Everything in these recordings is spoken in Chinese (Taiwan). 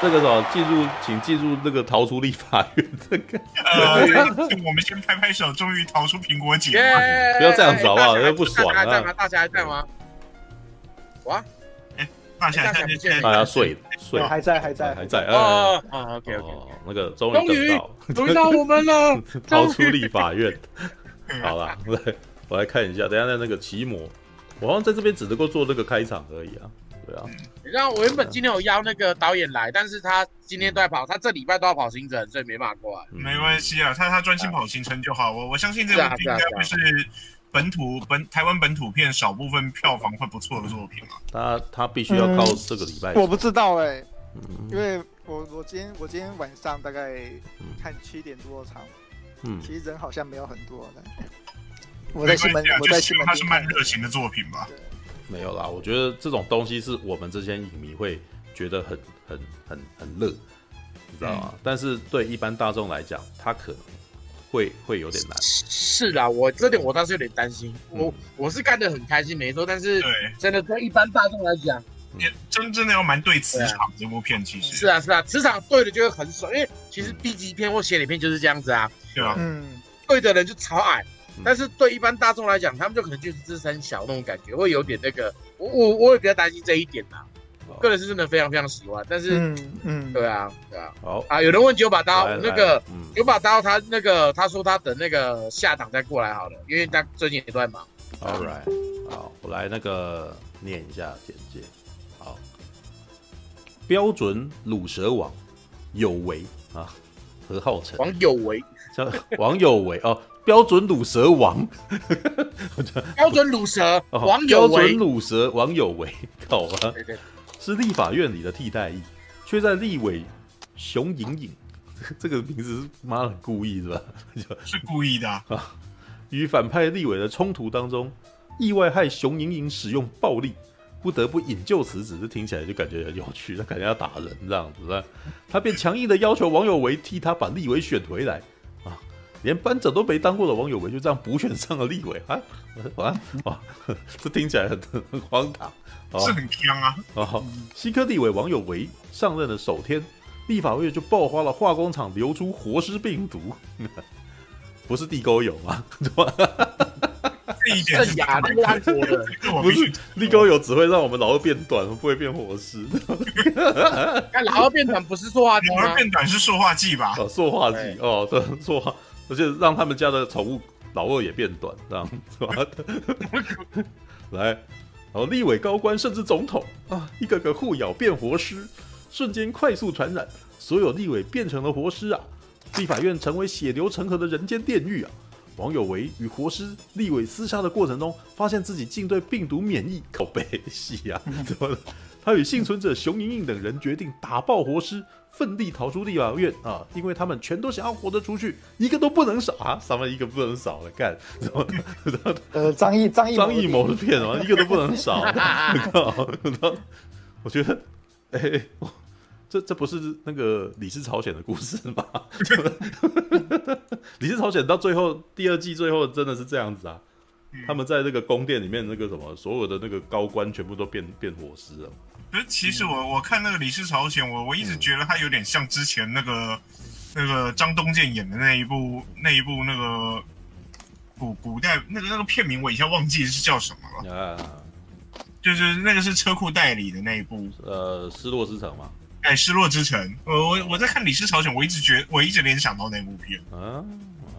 這個時候，記住，請記住那個逃出立法院這個。我們先拍拍手，終於逃出蘋果姐。不要這樣子好不好，這不爽啊。還在嗎？大家還在嗎？我，哎，大俠在嗎？哎呀，睡，睡還在，還在，還在。哦，OK OK。那個終於到，終於到我們了，逃出立法院。好了，我來看一下，等下在那個奇摩，我好像在這邊只能夠做這個開場而已啊。你知道我原本今天有邀那個導演來，但是他今天都在跑，他這禮拜都要跑行程，所以沒辦法過來。沒關係啊，他他專心跑行程就好。我我相信這個，就應該是本土本台灣本土片少部分票房會不錯的作品嘛。他他必須要靠這個禮拜。我不知道哎，因為我我今天我今天晚上大概看七點多場，嗯，其實人好像沒有很多。我在西門，我在西門，他是慢熱型的作品吧。沒有啦，我覺得這種東西是我們這些影迷會覺得很很很很樂，你知道嗎？嗯、但是對一般大眾來講，他可能會會有點難。是啦，啊，我這點我倒是有點擔心。嗯、我我是幹得很開心，沒錯，但是真的對一般大眾來講，對嗯、真真的要蠻對磁場。啊，這部片其實。是啊是啊，是啊，磁場對的就會很爽，因為其實 B 級片或寫里片就是這樣子啊。對啊，嗯，對的人就超矮。但是對一般大眾來講，他們就可能就是這三小那種感覺，會有點那個，我我我也比較擔心這一點吶、啊。Oh. 個人是真的非常非常喜歡，但是嗯嗯、mm hmm. 啊，對啊對啊，好、oh. 啊，有人問九把刀來那個來、嗯、九把刀他那個他說他等那個下檔再過來好了，因為他最近也在忙。All、oh. right，好，我來那個念一下簡介。好，標準魯蛇王，有為啊，何浩辰王有為，王有為哦。 標準魯蛇王，標準魯蛇王，喔，標準魯蛇王有為，準魯蛇王有為，好吧，是立法院裡的替代役，卻在立委熊英英，這個名字是媽很故意是吧？是故意的啊！與、喔、反派立委的衝突當中，意外害熊英英使用暴力，不得不引咎辭職。這聽起來就感覺很有趣，他感覺要打人這樣子，他便強硬的要求王有為替他把立委選回來。連班長都沒當過的王有為就這樣補選上了立委啊啊！哇，這聽起來很很荒唐，是很僵啊！啊，新科立委王有為上任的首天，立法院就爆發了化工廠流出活屍病毒，不是地溝油嗎？正雅利安族人不是地溝油只會讓我們老二變短，不會變活屍。啊，老二變短不是塑化劑，老二變短是塑化劑吧？塑化劑哦，對塑化。而且讓他們家的寵物老二也變短，這樣 來好，來，然後立委高官甚至總統啊，一個個互咬變活屍，瞬間快速傳染，所有立委變成了活屍啊，立法院成為血流成河的人間煉獄啊！王有為與活屍立委廝殺的過程中，發現自己竟對病毒免疫，口北西啊，怎麼？他與倖存者熊瑩盈等人決定打爆活屍，奮力逃出立法院啊！因為他們全都想要活着出去，一個都不能少啊！什麼一個不能少幹什麼的幹，呵呵呃，張藝張藝張藝謀的片嘛，一個都不能少。 我覺得，哎、欸，這這不是那個《李氏朝鮮》的故事嗎？ 《李氏朝鮮》到最後第二季最後真的是這樣子啊！他們在那個宮殿裡面，那個什麼，所有的那個高官全部都變變活屍了。不是，其實我我看那個李氏朝鮮，我我一直覺得他有點像之前那個、嗯、那個張東健演的那一部那一部那個古古代那個那個片名我一下忘記是叫什麼了啊，就是那個是車庫代理的那一部，呃，失落之城嗎？哎、欸，失落之城，我我我在看李氏朝鮮，我一直覺得我一直聯想到那部片。嗯、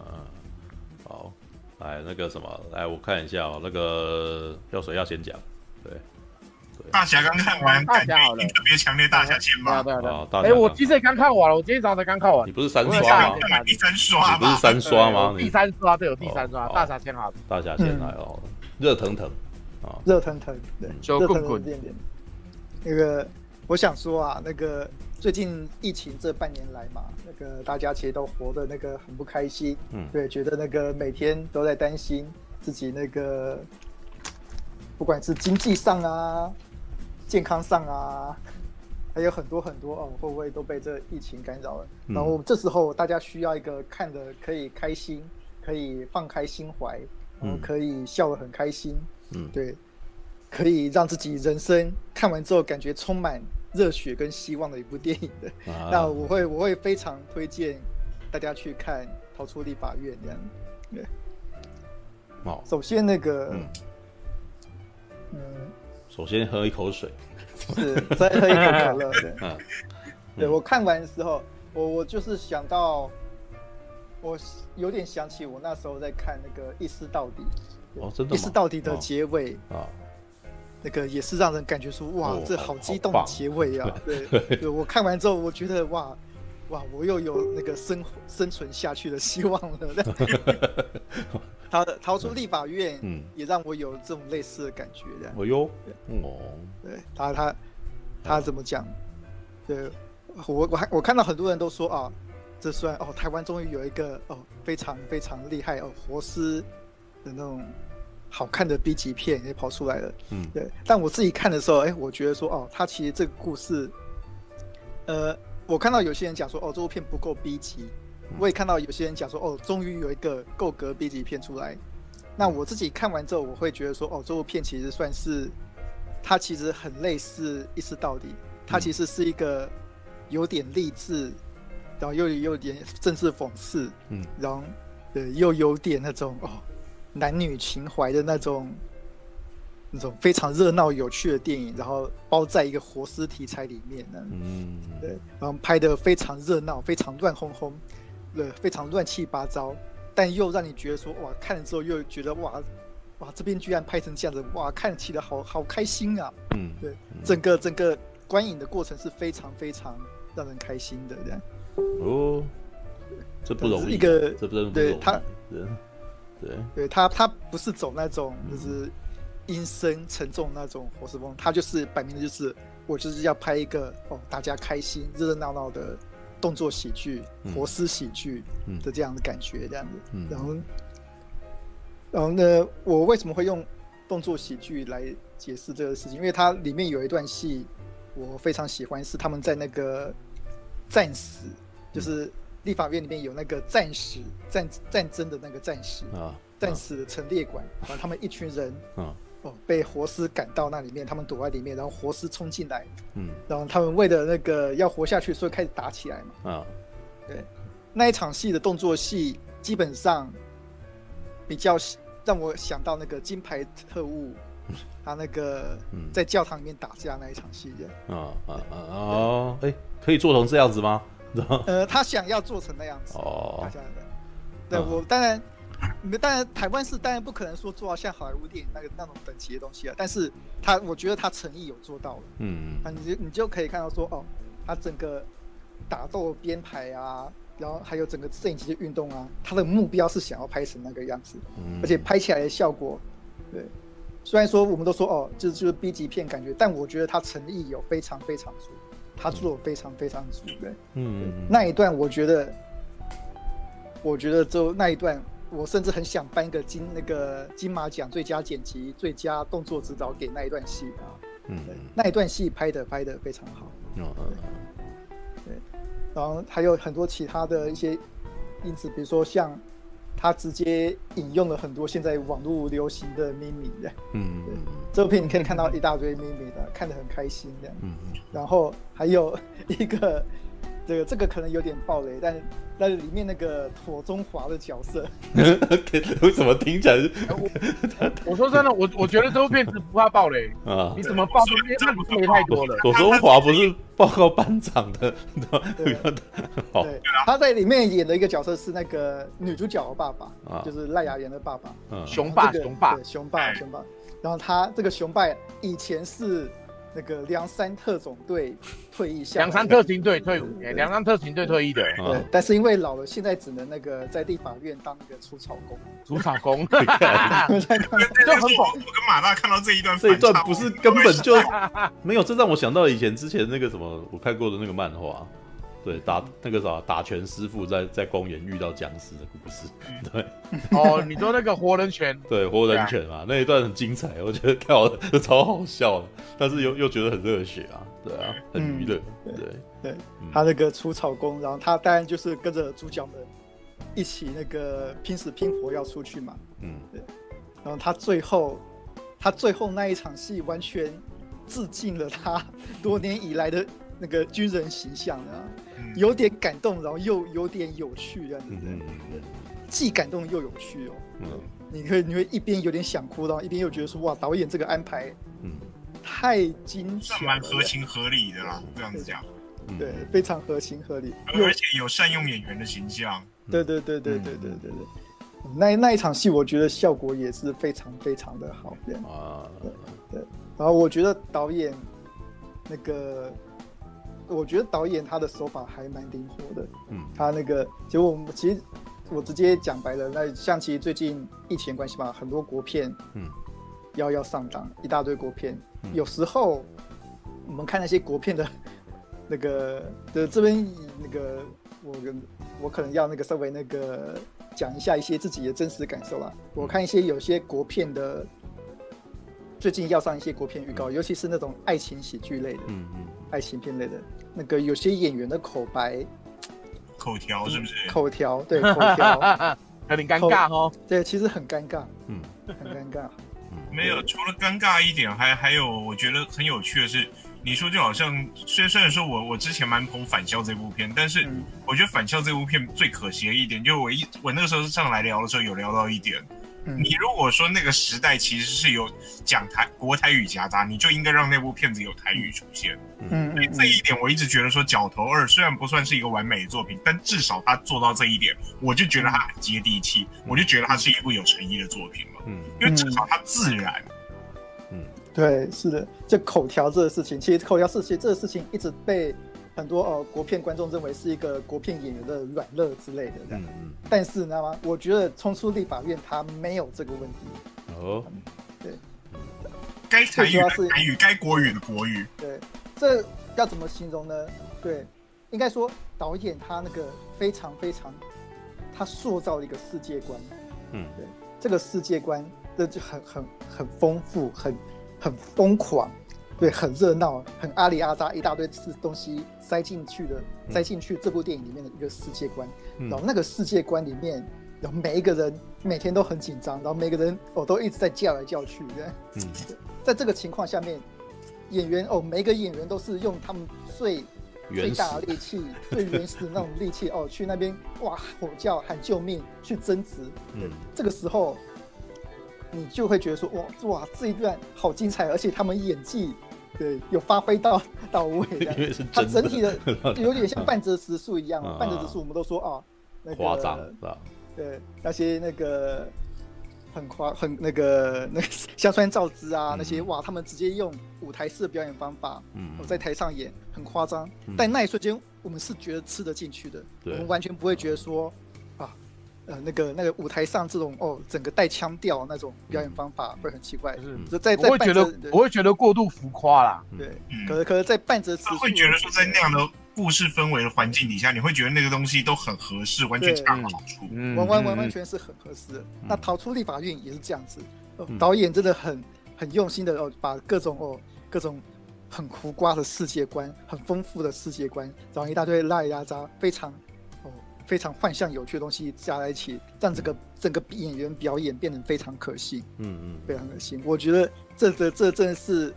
啊啊，好，來那個什麼，來我看一下哦、喔，那個要誰要先講？對。大俠剛看完，大俠好了，特別強烈，大俠先吧，啊，哎，我其實剛看完了，我今天早上才剛看完，你不是三刷嗎？第三刷，不是三刷嗎？第三刷，對，有第三刷，大俠先啊，大俠先來哦，熱騰騰熱騰騰，對，滾滾那個，我想說啊，那個最近疫情這半年來嘛，那個大家其實都活得那個很不開心，嗯，對，覺得那個每天都在擔心自己那個，不管是經濟上啊。健康上啊，還有很多很多哦，會不會都被這疫情干擾了？然後這時候大家需要一個看的可以開心，可以放開心懷，然後可以笑得很開心，嗯，對，可以讓自己人生看完之後感覺充滿熱血跟希望的一部電影的。啊啊啊，那我會我會非常推薦大家去看《逃出立法院》這樣。對，好，首先那個，嗯。嗯首先喝一口水，是再喝一口可樂。嗯 對我看完的時候，我我就是想到，我有點想起我那時候在看那個《一屍到底》，哦，真的，《一屍到底》的結尾、哦、那個也是讓人感覺說、哦、哇，這好激動的結尾啊。哦、對，對我看完之後，我覺得哇。哇！我又有那個生生存下去的希望了。逃 逃出立法院，嗯，也讓我有這種類似的感覺。這樣哦喲哦，對他他他怎麼講？哦、對我我還我看到很多人都說啊、哦，這算哦，台灣終於有一個哦非常非常厲害哦活屍的那種好看的 B 級片也跑出來了。嗯，對。但我自己看的時候，哎、欸，我覺得說哦，他其實這個故事，呃。我看到有些人講說，哦，這部片不夠 B 級。我也看到有些人講說，哦，終於有一個夠格 B 級片出來。那我自己看完之後，我會覺得說，哦，這部片其實算是，它其實很類似《一屍到底》，它其實是一個有點勵志，然後又有點政治諷刺，嗯，然後，呃，又有點那種哦，男女情懷的那種。那種非常熱鬧有趣的電影，然後包在一個活屍題材裡面，嗯，對，然後拍得非常熱鬧，非常亂哄哄，對，非常亂七八糟，但又讓你覺得說哇，看了之後又覺得哇，哇，這邊居然拍成這樣子，哇，看起來好好開心啊，嗯，對，嗯，整個整個觀影的過程是非常非常讓人開心的，這樣，哦，這不容易，這不，是不，啊，對他對，對，對他，他不是走那種就是，嗯陰森沉重那種活屍風，他就是擺明的就是我就是要拍一個哦，大家開心熱熱鬧鬧的動作喜劇、活屍、嗯、喜劇的這樣的感覺、嗯、這樣子。然後，嗯、然後呢，我為什麼會用動作喜劇來解釋這個事情？因為它裡面有一段戲我非常喜歡，是他們在那個戰史，就是立法院裡面有那個戰史戰戰爭的那個戰史啊，戰史陳列館，啊、然後他們一群人、啊哦，被活屍趕到那裡面，他們躲在裡面，然後活屍衝進來，嗯，然後他們為了那個要活下去，所以開始打起來嘛。啊、嗯，對，那一場戲的動作戲，基本上比較讓我想到那個《金牌特務》，嗯，他那個在教堂裡面打架的那一場戲的。哦，哎，可以做成這樣子嗎？ 呃，他想要做成那樣子。哦哦。對，嗯、我當然。沒，當然台灣是當然不可能說做到像好萊塢電影那個那種等級的東西啊。但是他，我覺得他誠意有做到了。嗯，啊，你就你就可以看到說哦，他整個打鬥編排啊，然後還有整個攝影機的運動啊，他的目標是想要拍成那個樣子。嗯，而且拍起來的效果，對。雖然說我們都說哦，就是就是 B 級片感覺，但我覺得他誠意有非常非常足，嗯，他做的非常非常足。對，嗯，對，那一段我覺得，我覺得就那一段。我甚至很想頒一個金那個金馬獎最佳剪輯、最佳動作指導給那一段戲啊，嗯對，那一段戲拍的拍的非常好，嗯嗯、哦，對，然後還有很多其他的一些因此，比如說像他直接引用了很多現在網絡流行的 meme 這，嗯對，嗯，這這片你可以看到一大堆 meme 的，嗯、看得很開心嗯嗯，然後還有一個這個這個可能有點暴雷，但在裡面那個庹宗華的角色，我怎麼聽起來是？我說真的，我我覺得這部片子不怕爆雷啊！你怎麼爆雷？這部片太爆雷太多了。庹宗華不是報告班長的，對，他在裡面演的一個角色是那個女主角的爸爸，就是賴雅妍的爸爸，雄霸雄霸雄霸熊爸，然後他這個雄霸以前是。那個梁山特種隊退役，梁山特勤隊退伍，梁山特勤隊退役的。但是因為老了，現在只能那個在立法院當那個除草工、除草工。就很我跟馬大看到這一段，這一段不是根本就沒有，這讓我想到以前之前那個什麼我看過的那個漫畫。對，打那個啥打拳師傅在在公園遇到僵屍的故事。嗯、對哦，你說那個活人拳，對，活人拳嘛，啊、那一段很精彩，我覺得跳得超好笑的，但是又又覺得很熱血啊，對啊，嗯、對啊，很娛樂，對、對、對、嗯、對，他那個除草工，然後他當然就是跟着主角們一起那個拼死拼活要出去嘛，嗯，對，然後他最後他最後那一場戲完全致敬了他多年以來的。 那個軍人形象呢，有點感動，然後又有點有趣的樣子，嗯，既感動又有趣哦。嗯，你可以，你會一邊有點想哭，然後一邊又覺得說，哇，導演這個安排，嗯，太精彩，蠻合情合理的啦，這樣子講，對，非常合情合理，而且有善用演員的形象，對對對對對對對，那那一場戲我覺得效果也是非常非常的好，啊，對，然後我覺得導演那個。我覺得導演他的手法還蠻靈活的，嗯，他那個，結果我們其實我直接講白了，那像其實最近疫情關係嘛，很多國片，嗯，要要上檔，一大堆國片，有時候我們看那些國片的，那個，的這邊那個，我跟，我可能要那個稍微那個講一下一些自己的真實感受啦，我看一些有些國片的，最近要上一些國片預告，尤其是那種愛情喜劇類的，嗯嗯，愛情片類的。那個有些演員的口白，口條是不是？嗯、口條對，口條 有點尷尬哦。對，其實很尷尬，嗯，很尷尬。嗯、對沒有，除了尷尬一點，還還有我覺得很有趣的是，你說就好像雖然雖然說我我之前蠻捧《返校》這部片，但是我覺得《返校》這部片最可惜的一點，就我一我那個時候是上來聊的時候有聊到一點。嗯、你如果說那個時代其實是有講台國台語夾雜，你就應該讓那部片子有台語出現。嗯，所以這一點我一直覺得說《角頭二》雖然不算是一個完美的作品，但至少他做到這一點，我就覺得他很接地氣，嗯、我就覺得它是一部有誠意的作品嘛，嗯，因為至少它自然。嗯，對，是的，就口條這個事情，其實口條是其實這個事情一直被。很多呃國片觀眾認為是一個國片演員的軟肋之類的這樣，嗯、但是你知道嗎？我覺得衝出立法院他沒有這個問題。哦、嗯，對，該台語是台語該國語的國語。對，這要怎麼形容呢？對，應該說導演他那個非常非常，他塑造了一個世界觀。嗯，對，這個世界觀這就很很很豐富，很很瘋狂。對，很熱鬧，很阿里阿扎一大堆是東西塞進去的，嗯、塞進去這部電影裡面的一個世界觀。嗯、然後那個世界觀裡面，然後每一個人每天都很緊張，然後每個人哦都一直在叫來叫去，對，嗯，對，在這個情況下面，演員哦每一個演員都是用他們最始最大的力氣、 最原始的那種力氣哦去那邊哇吼叫喊救命去爭執。嗯，這個時候你就會覺得說，哇，哇，這一段好精彩，而且他們演技。對，有發揮到到位的。 的它整體的有點像半澤直樹一樣，啊、半澤直樹我們都說、哦嗯、啊，誇張、那個、是吧、啊？對，那些那個很誇很那個那個香川照之啊，嗯、那些哇，他們直接用舞台式的表演方法，嗯，我、哦、在台上演很誇張，嗯、但那一瞬間我們是覺得吃得進去的，對我們完全不會覺得說。嗯呃，那個那個舞台上這種哦，整個帶腔調那種表演方法會很奇怪。就在在半折，我會覺得過度浮誇啦。對，可可是，在半折是會覺得說，在那樣的故事氛圍的環境底下，你會覺得那個東西都很合適，完全恰到好處。完完完完全是很合適的。那逃出立法院也是這樣子，導演真的很很用心的哦，把各種哦各種很浮誇的世界觀、很豐富的世界觀，然後一大堆拉哩拉渣，非常。非常幻象、有趣的東西加在一起，讓這個整個演員表演變得非常可信。嗯嗯，非常可信。我覺得這這這正是，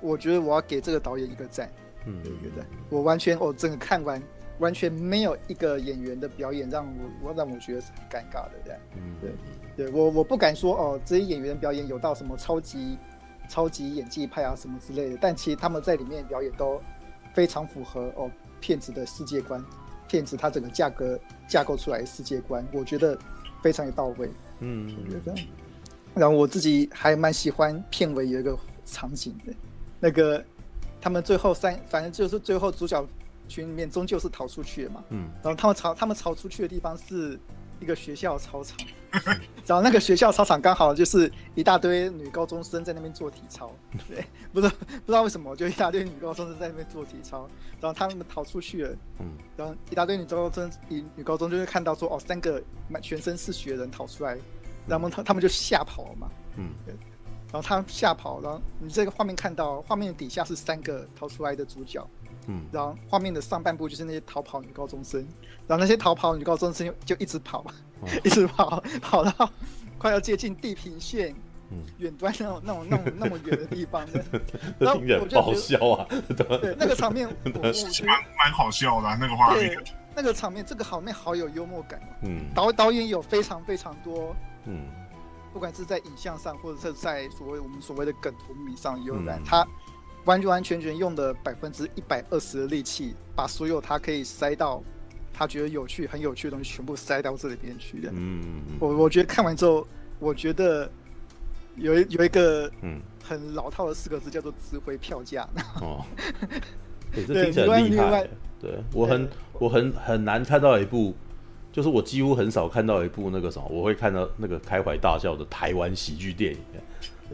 我覺得我要給這個導演一個讚，嗯，嗯，嗯，一個讚。我完全哦，整個看完完全沒有一個演員的表演讓我我讓我覺得是很尷尬的這樣。嗯，對對，對，我我不敢說哦，這些演員表演有到什麼超級超級演技派啊什麼之類的，但其實他們在裡面表演都非常符合哦片子的世界觀。片子它整個價格架構出來的世界觀，我覺得非常有到位。嗯，我覺得這樣。然後我自己還蠻喜歡片尾有一個場景的，那個他們最後三，反正就是最後主角群裡面終究是逃出去的嘛。嗯。然後他們逃，他們逃出去的地方是。一個學校操場，然後那個學校操場剛好就是一大堆女高中生在那邊做體操，對，不知道不知道為什麼，就一大堆女高中生在那邊做體操，然後他們逃出去了，嗯，然後一大堆女高中生，女女高中就會看到說，哦，三個滿全身是血的人逃出來，然後他他們就嚇跑了嘛，嗯，對，然後他們嚇跑，然後你這個畫面看到，畫面底下是三個逃出來的主角。嗯，然後畫面的上半部就是那些逃跑女高中生，然後那些逃跑女高中生就就一直跑，哦、 一直跑，跑到快要接近地平線，嗯，遠端那種那種那麼、那麼遠的地方，那然後 我就覺得好笑啊，對，那個場面我覺得蠻蠻好笑的，啊，那個畫面對，那個場面，這個好，那好有幽默感，哦，嗯，導導演有非常非常多，嗯，不管是在影像上，或者是在所謂我們所謂的梗圖迷上有，然、嗯、他。完完全全用的百分之一百二十的力氣，把所有他可以塞到他覺得有趣、很有趣的東西，全部塞到這裡邊去了，嗯嗯，嗯我我覺得看完之後，我覺得有有一個嗯很老套的四個字，叫做智慧“值回票價”。哦、欸，這聽起來厲害。對，我很我很很難看到一部，欸、就是我幾乎很少看到一部那個什麼，我會看到那個開懷大笑的台灣喜劇電影。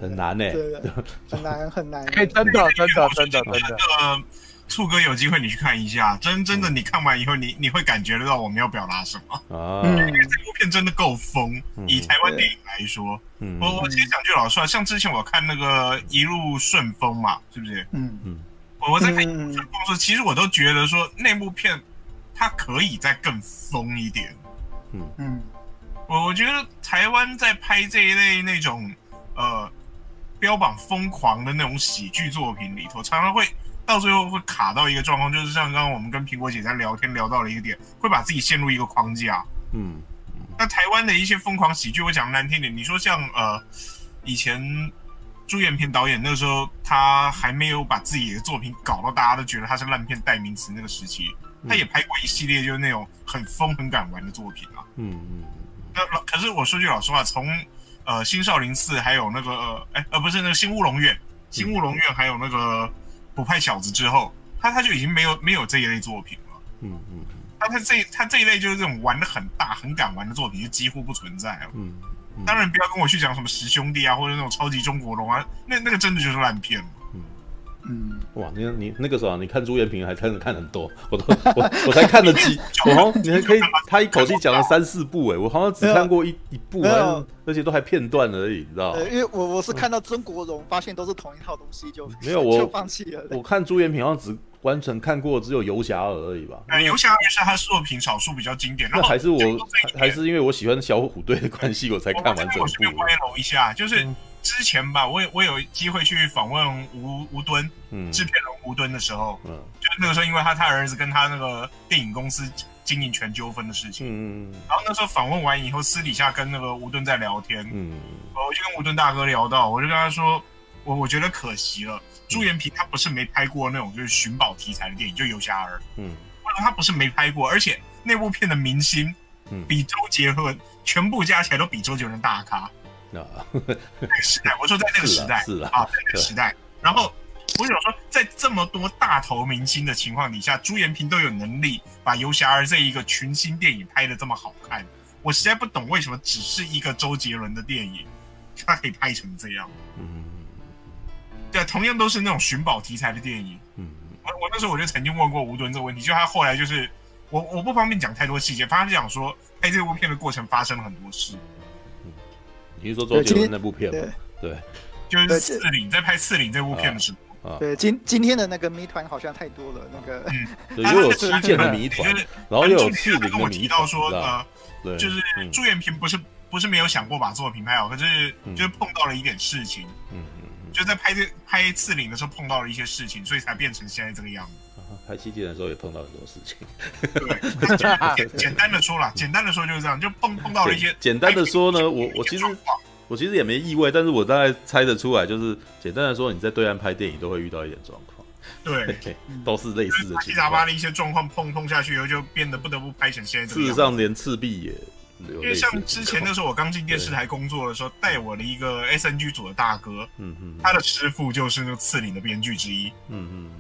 很難呢，很難。很難很難。哎，真的真的真的，那個醋哥，有機會你去看一下，真真的，你看完以後你你會感覺得到我們要表達什麼。嗯，因為這部片真的夠瘋，以台灣電影來說，我我其實講句老實話，像之前我看那個《一路順風》嘛，是不是？嗯嗯。我在看《一路順風》的時候，其實我都覺得說那部片它可以再更瘋一點。嗯嗯，我我覺得台灣在拍這一類那種呃。標榜瘋狂的那種喜劇作品裡頭，常常會到最後會卡到一個狀況，就是像剛剛我們跟蘋果姐在聊天聊到了一個點，會把自己陷入一個框架。嗯，嗯，那台灣的一些瘋狂喜劇，我講的難聽點，你說像呃以前朱延平導演那個時候，他還沒有把自己的作品搞到大家都覺得他是爛片代名詞那個時期，嗯、他也拍過一系列就是那種很瘋很敢玩的作品啊。嗯嗯。嗯，那可是我說句老實話，從呃，新少林寺還有那個，呃、欸，不是那個新烏龍院，新烏龍院還有那個捕派小子之後，他他就已經沒有沒有這一類作品了。嗯嗯，他、嗯、他這他這一類就是這種玩的很大，很敢玩的作品就幾乎不存在了。嗯，嗯，當然不要跟我去講什麼十兄弟啊，或者那種超級中國龍啊，那那個真的就是爛片了。嗯，哇，你你那個時候，你看，朱看《朱延平》還真的看很多，我都我我才看了幾， 我好像你還可以，他一口氣講了三四部，哎，我好像只看過一有一部，有而且都還片段而已，你知道嗎？因為我我是看到曾國榮，發現都是同一套東西，就沒有我就放棄了。我看《朱延平》好像只完全看過只有游俠而已吧？游俠、嗯、也是他的作品，少數比較經典。那還是我還是因為我喜歡小虎隊的關係，我才看完整部的。歪樓一下，就是。嗯之前吧，我有我有機會去訪問吳吳敦，嗯，制片人吳敦的時候，嗯，就是那個時候，因為他他兒子跟他那個電影公司經營權糾紛的事情，嗯然後那時候訪問完以後，私底下跟那個吳敦在聊天，嗯，我就跟吳敦大哥聊到，我就跟他說，我我覺得可惜了，嗯、朱延平他不是沒拍過那種就是尋寶題材的電影，就《游俠兒》，嗯，他不是沒拍過，而且那部片的明星，比周杰倫、嗯、全部加起來都比周杰倫大咖。那那、 啊、個時代，我說在那個時代啊，那、啊啊、個時代。啊啊、然後我想說，在這麼多大頭明星的情況底下， 朱延平都有能力把《遊俠兒》這一個群星電影拍得這麼好看，我實在不懂為什麼只是一個周杰倫的電影，它可以拍成這樣。嗯，嗯對、啊，同樣都是那種尋寶題材的電影。嗯，嗯，我我那時候我就曾經問過吳敦這個問題，就他後來就是我我不方便講太多細節，反正就講說拍這部片的過程發生了很多事。比如說昨天那部片嗎？對，就是《刺陵》在拍《刺陵》這部片子啊。對，今今天的那個謎團好像太多了，那個又有周杰倫的謎團，然後有他跟我提到說，呃，就是朱延平不是不是沒有想過把作品拍好，可是就是碰到了一點事情，嗯嗯，就在拍這拍《刺陵》的時候碰到了一些事情，所以才變成現在這個樣子。拍七劍的時候也碰到很多事情。對。簡單的說啦，簡單的說就是這樣，就碰碰到了一些。簡單的說呢，我我其實我其實也沒意外，但是我大概猜得出來，就是簡單的說，你在對岸拍電影都會遇到一點狀況。對，都是類似的情況。雜七雜八的一些狀況碰碰下去以後，就變得不得不拍成現在。事實上連赤壁也，因為像之前那時候我剛進電視台工作的時候，帶我的一個 S N G 組的大哥，嗯，他的師傅就是那個刺陵的編劇之一，嗯嗯。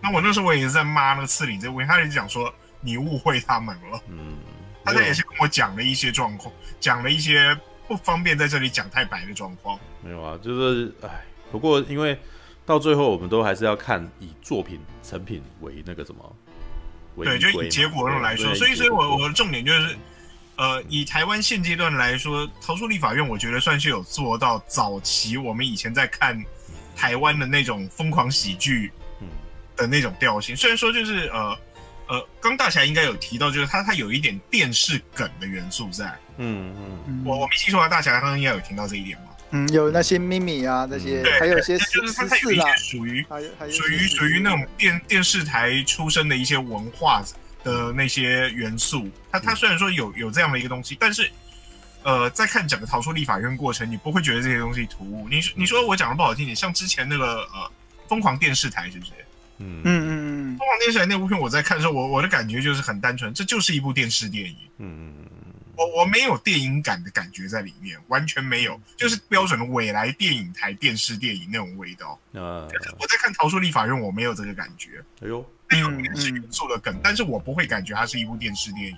那我那時候我也是在罵那次裡這位，他也講說你誤會他們了。嗯，他他也是跟我講了一些狀況，講了一些不方便在這裡講太白的狀況。沒有啊，就是唉，不過因為到最後我們都還是要看以作品成品為那個什麼，對，就以結果論來說。所以，所以我的對我的重點就是，呃，以台灣現階段來說，逃出立法院，我覺得算是有做到早期我們以前在看台灣的那種瘋狂喜劇。的那種調性，雖然說就是呃呃，剛大俠應該有提到，就是他他有一點電視梗的元素在。嗯嗯，我、嗯、我沒記錯的話，大俠剛剛應該有聽到這一點嗎？嗯，嗯有那些秘密啊，嗯、那些對，還有些十四啦，屬於屬於屬於那種電電視台出身的一些文化的那些元素。他他、嗯、雖然說有有這樣的一個東西，但是呃，在看整個逃出立法院過程，你不會覺得這些東西突兀。你你說我講的不好聽，你像之前那個呃瘋狂電視台是不是？嗯嗯嗯鳳凰電視台那部片，我在看的時候，我我的感覺就是很單純，這就是一部電視電影。嗯，我我沒有電影感的感覺在裡面，完全沒有，就是標準的未來電影台電視電影那種味道。啊、嗯，是我在看《逃出立法院》，我沒有這個感覺。哎呦，那、哎、呦，電視、嗯、元素的梗，嗯、但是我不會感覺它是一部電視電影。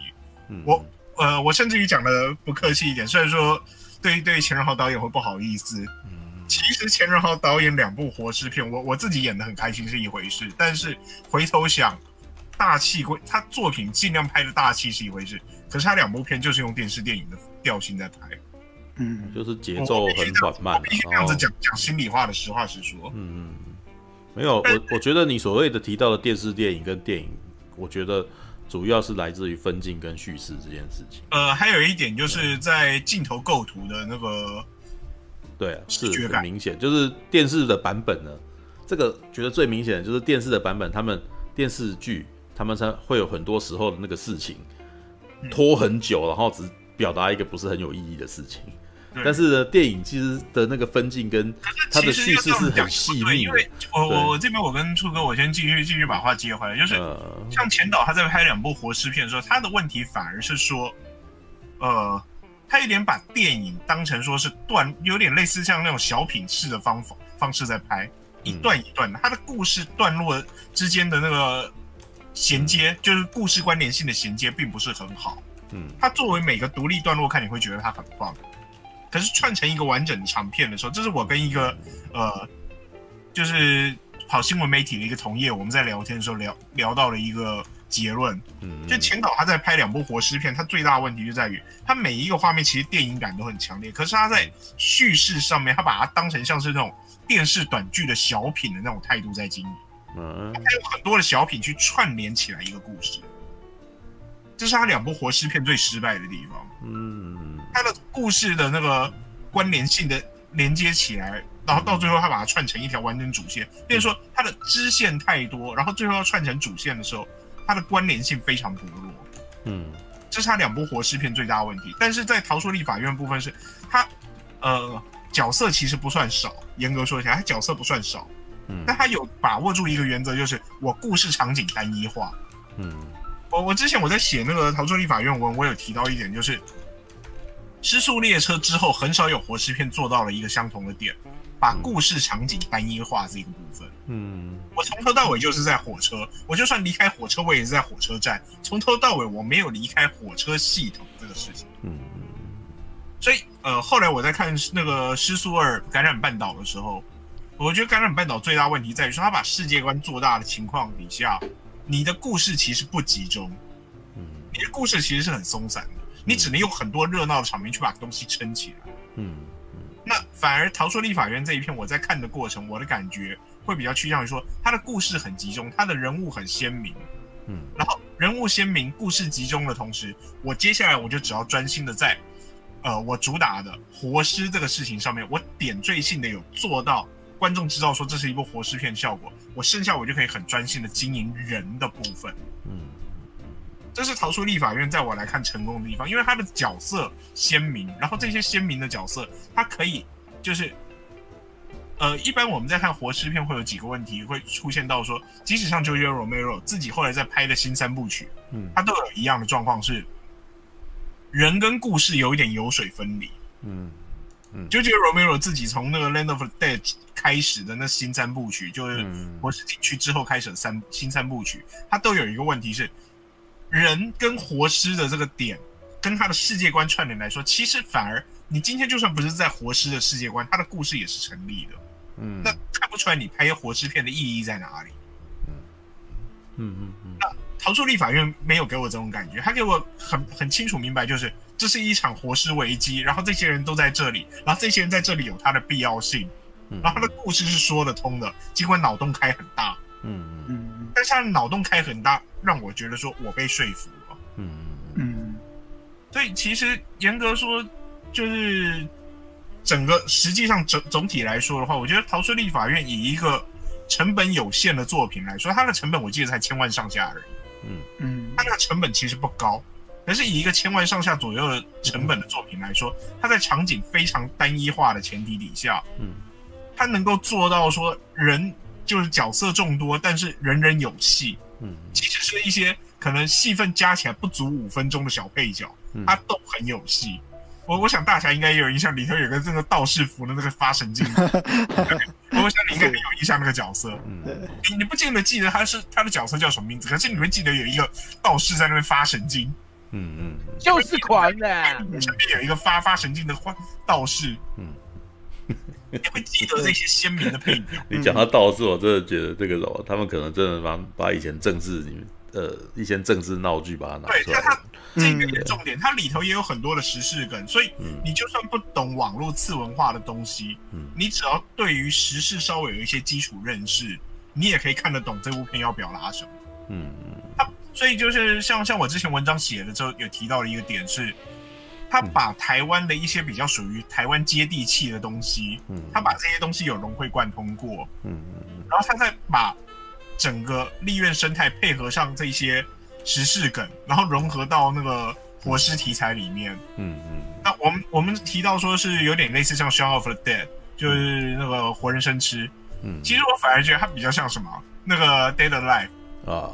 嗯、我呃，我甚至於講的不客氣一點，雖然說對對錢人豪導演會不好意思。嗯。其實錢人豪導演兩部活屍片，我我自己演的很開心是一回事，但是回頭想，大氣歸他作品儘量拍的大氣是一回事，可是他兩部片就是用電視電影的調性在拍，嗯，就是節奏很緩慢，啊。必這，這樣子講，哦，講心裡話的實話實說。嗯，沒有，是我我覺得你所謂的提到的電視電影跟電影，我覺得主要是來自於分鏡跟敘事這件事情。呃，還有一點就是在鏡頭構圖的那個。對，是，是很明顯，就是電視的版本呢，這個覺得最明顯的就是電視的版本，他們電視劇他們才會有很多時候的那個事情拖很久，然後只表達一個不是很有意義的事情。嗯、但是呢對電影其實的那個分鏡跟它的敘事是很細膩的，我我我這邊我跟初哥，我先繼續繼續把話接回來，就是、呃、像前導他在拍兩部活屍片的時候，他的問題反而是說，呃。他有點把電影當成說是段，有點類似像那種小品式的方法方式在拍，一段一段的。他的故事段落之間的那個銜接，就是故事關聯性的銜接，並不是很好。嗯，他作為每個獨立段落看你會覺得他很棒，可是串成一個完整的長片的時候，這是我跟一個呃，就是跑新聞媒體的一個同業，我們在聊天的時候聊聊到了一個。結論，就錢導他在拍兩部活屍片，他最大問題就在於，他每一個畫面其實電影感都很強烈，可是他在敘事上面，他把它當成像是那種電視短劇的小品的那種態度在經營，他有很多的小品去串聯起來一個故事，這、就是他兩部活屍片最失敗的地方。嗯，他的故事的那個關聯性的連接起來，然後到最後他把它串成一條完整主線，變成說他的支線太多，然後最後要串成主線的時候。它的關聯性非常薄弱，嗯，這是它兩部活屍片最大的問題。但是在逃出立法院部分是，他呃角色其實不算少，嚴格說起來，他角色不算少，嗯，但他有把握住一個原則，就是我故事場景單一化，嗯，我我之前我在寫那個逃出立法院文，我有提到一點，就是失速列車之後很少有活屍片做到了一個相同的點。把故事場景單一化這個部分，嗯，我從頭到尾就是在火車，我就算離開火車我也是在火車站，從頭到尾我沒有離開火車系統這個事情，嗯，嗯所以呃後來我在看那個《屍速二：感染半島》的時候，我覺得《感染半島》最大問題在於說它把世界觀做大的情況底下，你的故事其實不集中，嗯，你的故事其實是很鬆散的，你只能用很多熱鬧的場面去把東西撐起來，嗯。嗯那反而逃出立法院這一片，我在看的過程，我的感覺會比較趨向於說，他的故事很集中，他的人物很鮮明。嗯，然後人物鮮明、故事集中的同時，我接下來我就只要專心的在，呃，我主打的活屍這個事情上面，我點綴性的有做到觀眾知道說這是一部活屍片效果，我剩下我就可以很專心的經營人的部分。嗯。這是逃出立法院，在我來看成功的地方，因為他的角色鮮明，然後這些鮮明的角色，他可以就是，呃，一般我們在看活屍片會有幾個問題會出現到說，即使像 George Romero 自己後來在拍的新三部曲，嗯，他都有一樣的狀況是，人跟故事有一點油水分離，嗯嗯，就 George Romero 自己從那個 Land of the Dead 開始的那新三部曲，就是活屍禁區之後開始的三，嗯、新三部曲，他都有一個問題是，人跟活屍的這個點，跟他的世界觀串聯來說，其實反而你今天就算不是在活屍的世界觀，他的故事也是成立的。嗯，那看不出來你拍活屍片的意義在哪裡？嗯嗯嗯。嗯嗯，那逃出立法院沒有給我這種感覺，他給我很很清楚明白，就是這是一場活屍危機，然後這些人都在這裡，然後這些人在這裡有他的必要性，然後他的故事是說得通的，儘管腦洞開很大。嗯嗯嗯。嗯但是他腦洞開很大，讓我覺得說我被說服了。嗯嗯，嗯所以其實嚴格說，就是整個實際上整總體來說的話，我覺得《逃出立法院》以一個成本有限的作品來說，它的成本我記得才千萬上下而已。嗯。嗯嗯，它那個成本其實不高，可是以一個千萬上下左右的成本的作品來說，它在場景非常單一化的前提底下，嗯，它能夠做到說人。就是角色眾多，但是人人有戲。嗯，即使是一些可能戲份加起來不足五分鐘的小配角，嗯、他都很有戲。我我想大俠應該也有印象，裡頭有個這個道士服的那個發神經。 我想你應該很有印象那個角色。嗯對，你不見得記得他是他的角色叫什麼名字，可是你會記得有一個道士在那邊發神經。嗯嗯，就是狂的、啊，面上面有一個發發神經的道士。嗯。 你會記得這些鮮明的配角。 你講到道士，我真的覺得這個，他們可能真的把把以前政治，你呃一些政治鬧劇把它拿出來。對，但它這個、個重點，嗯、它裡頭也有很多的時事梗，所以你就算不懂網絡次文化的東西，嗯、你只要對於時事稍微有一些基礎認識，你也可以看得懂這部片要表達什麼。嗯，所以就是像像我之前文章寫的時候，有提到的一個點是。他把台灣的一些比較屬於台灣接地氣的東西，嗯、他把這些東西有融會貫通過，嗯嗯，嗯嗯然後他再把整個立院生態，配合上這些時事梗，然後融合到那個活屍題材裡面，嗯嗯。嗯嗯，那我們我們提到說是有點類似像《Shaun of the Dead》，就是那個活人生吃，嗯，其實我反而覺得它比較像什麼，那個 of Life，哦《Dead a Life》啊。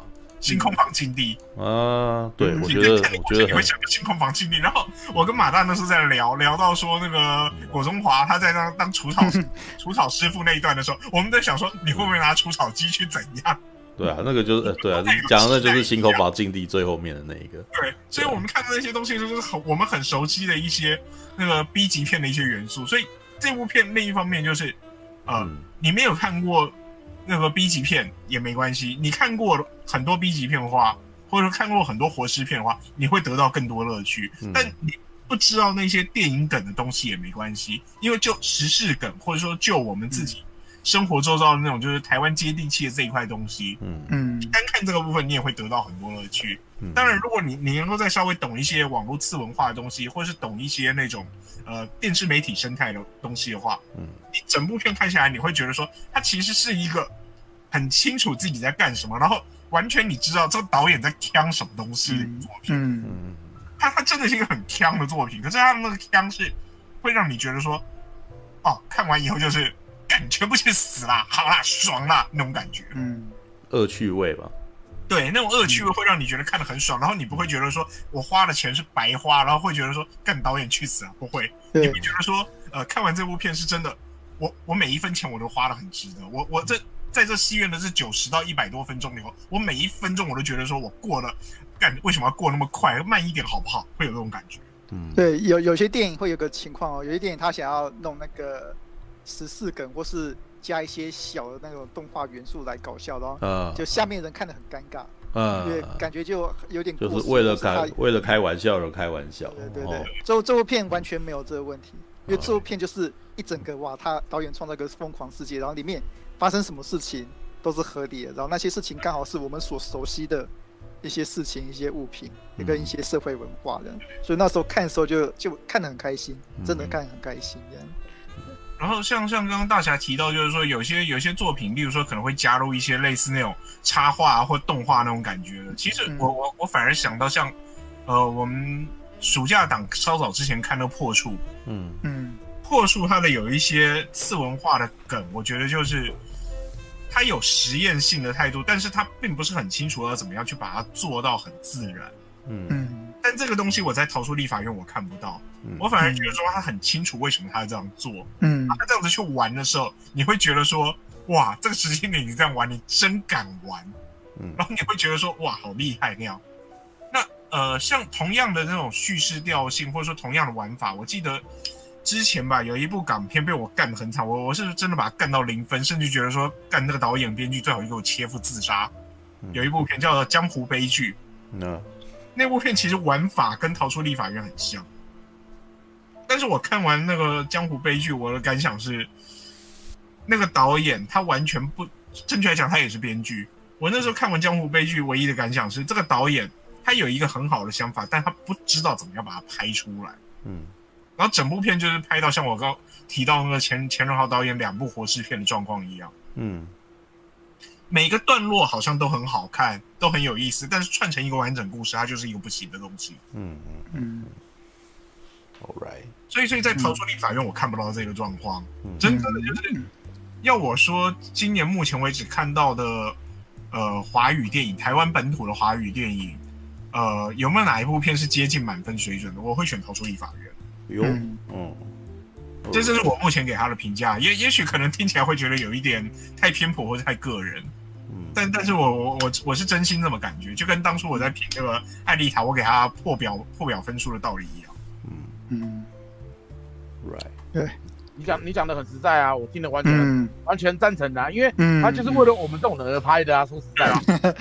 新空房禁地啊，對，嗯、我覺得我覺得你會想到新空房禁地，然後我跟馬大那時候在聊聊到說那個果中華他在那當除草 除草師傅那一段的時候，我們在想說你會不會拿除草機去怎樣？對啊，那個就是、嗯、對啊，對啊講的就是新空房禁地最後面的那一個。對，對啊、所以我們看到那些東西就是很我們很熟悉的一些那個 B 級片的一些元素，所以這部片另一方面就是，呃、嗯，你沒有看過。那個 B 級片也沒關係，你看過很多 B 級片的話，或者說看過很多活屍片的話，你會得到更多樂趣。嗯、但你不知道那些電影梗的東西也沒關係，因為就時事梗，或者說就我們自己。嗯生活周遭的那種，就是台灣接地氣的這一塊東西。嗯嗯，嗯單看這個部分，你也會得到很多樂趣。嗯嗯、當然，如果你你能夠再稍微懂一些網絡次文化的東西，或是懂一些那種呃電視媒體生態的東西的話，嗯，你整部片看起來，你會覺得說，它其實是一個很清楚自己在幹什麼，然後完全你知道這個導演在 ㄎㄧㄤ 什麼東西的作品。嗯嗯，嗯嗯他他真的是一個很 ㄎㄧㄤ 的作品，可是他的那個 ㄎㄧㄤ 是會讓你覺得說，哦，看完以後就是。感覺不去死啦，好啦，爽啦那種感覺，嗯，惡趣味吧，對，那種惡趣味會讓你覺得看得很爽，嗯、然後你不會覺得說我花的錢是白花，然後會覺得說幹導演去死啊，不會，對你會覺得說，呃，看完這部片是真的，我我每一分錢我都花得很值得，我我這在這戲院的這九十到一百多分鐘裡，我每一分鐘我都覺得說我過了，幹為什麼要過那麼快，慢一點好不好，會有那種感覺，嗯，對，有有些電影會有個情況哦，有些電影他想要弄那個。十四梗或是加一些小的那種動畫元素來搞笑，然後就下面人看得很尷尬，啊、因為感覺就有點就是為了開為了開玩笑而開玩笑。對對對，這部這部片完全沒有這個問題，因為這部片就是一整個哇，他導演創造一個瘋狂世界，然後裡面發生什麼事情都是合理的，然後那些事情剛好是我們所熟悉的一些事情、一些物品也、嗯、跟一些社會文化的，所以那時候看的時候就就看得很開心，真的看得很開心這樣。嗯然後像像剛剛大俠提到，就是說有些有些作品，例如說可能會加入一些類似那種插畫或動畫那種感覺。其實我我、嗯、我反而想到像，呃，我們暑假檔稍早之前看的《破處》，嗯嗯，《破處》它的有一些次文化的梗，我覺得就是它有實驗性的態度，但是它並不是很清楚要怎麼樣去把它做到很自然，嗯。嗯但這個東西我在逃出立法院，我看不到。我反而覺得說他很清楚為什麼他要這樣做。嗯，他這樣子去玩的時候，你會覺得說哇，這個時間點你這樣玩，你真敢玩。嗯，然後你會覺得說哇，好厲害那樣。那呃，像同樣的那種敘事調性，或者說同樣的玩法，我記得之前吧，有一部港片被我幹的很慘，我我是真的把它幹到零分，甚至覺得說幹那個導演編劇最好就給我切腹自殺。有一部片叫做《江湖悲劇》。那部片其實玩法跟《逃出立法院》很像，但是我看完那個《江湖悲劇》，我的感想是，那個導演他完全不，正確來講他也是編劇。我那時候看完《江湖悲劇》，唯一的感想是，這個導演他有一個很好的想法，但他不知道怎麼樣把它拍出來。嗯，然後整部片就是拍到像我剛提到那個錢錢人豪導演兩部活屍片的狀況一樣。嗯。每個段落好像都很好看，都很有意思，但是串成一個完整故事，它就是一個不行的東西。嗯嗯。All right。所以，所以，在《逃出立法院》，我看不到這個狀況。嗯、真的就是要我說，今年目前為止看到的，呃，華語電影，台灣本土的華語電影，呃，有沒有哪一部片是接近滿分水準的？我會選《逃出立法院》嗯。有、呃、嗯就這是我目前給他的評價，也也許可能聽起來會覺得有一點太偏頗或者太個人，嗯、但但是我我我我是真心這麼感覺，就跟當初我在評那個艾麗塔，我給他破表破表分數的道理一樣，嗯嗯，Right，對你講你講得很實在啊，我聽得完全、嗯、完全贊成的、啊，因為他就是為了我們這種人而拍的啊，說實在啊，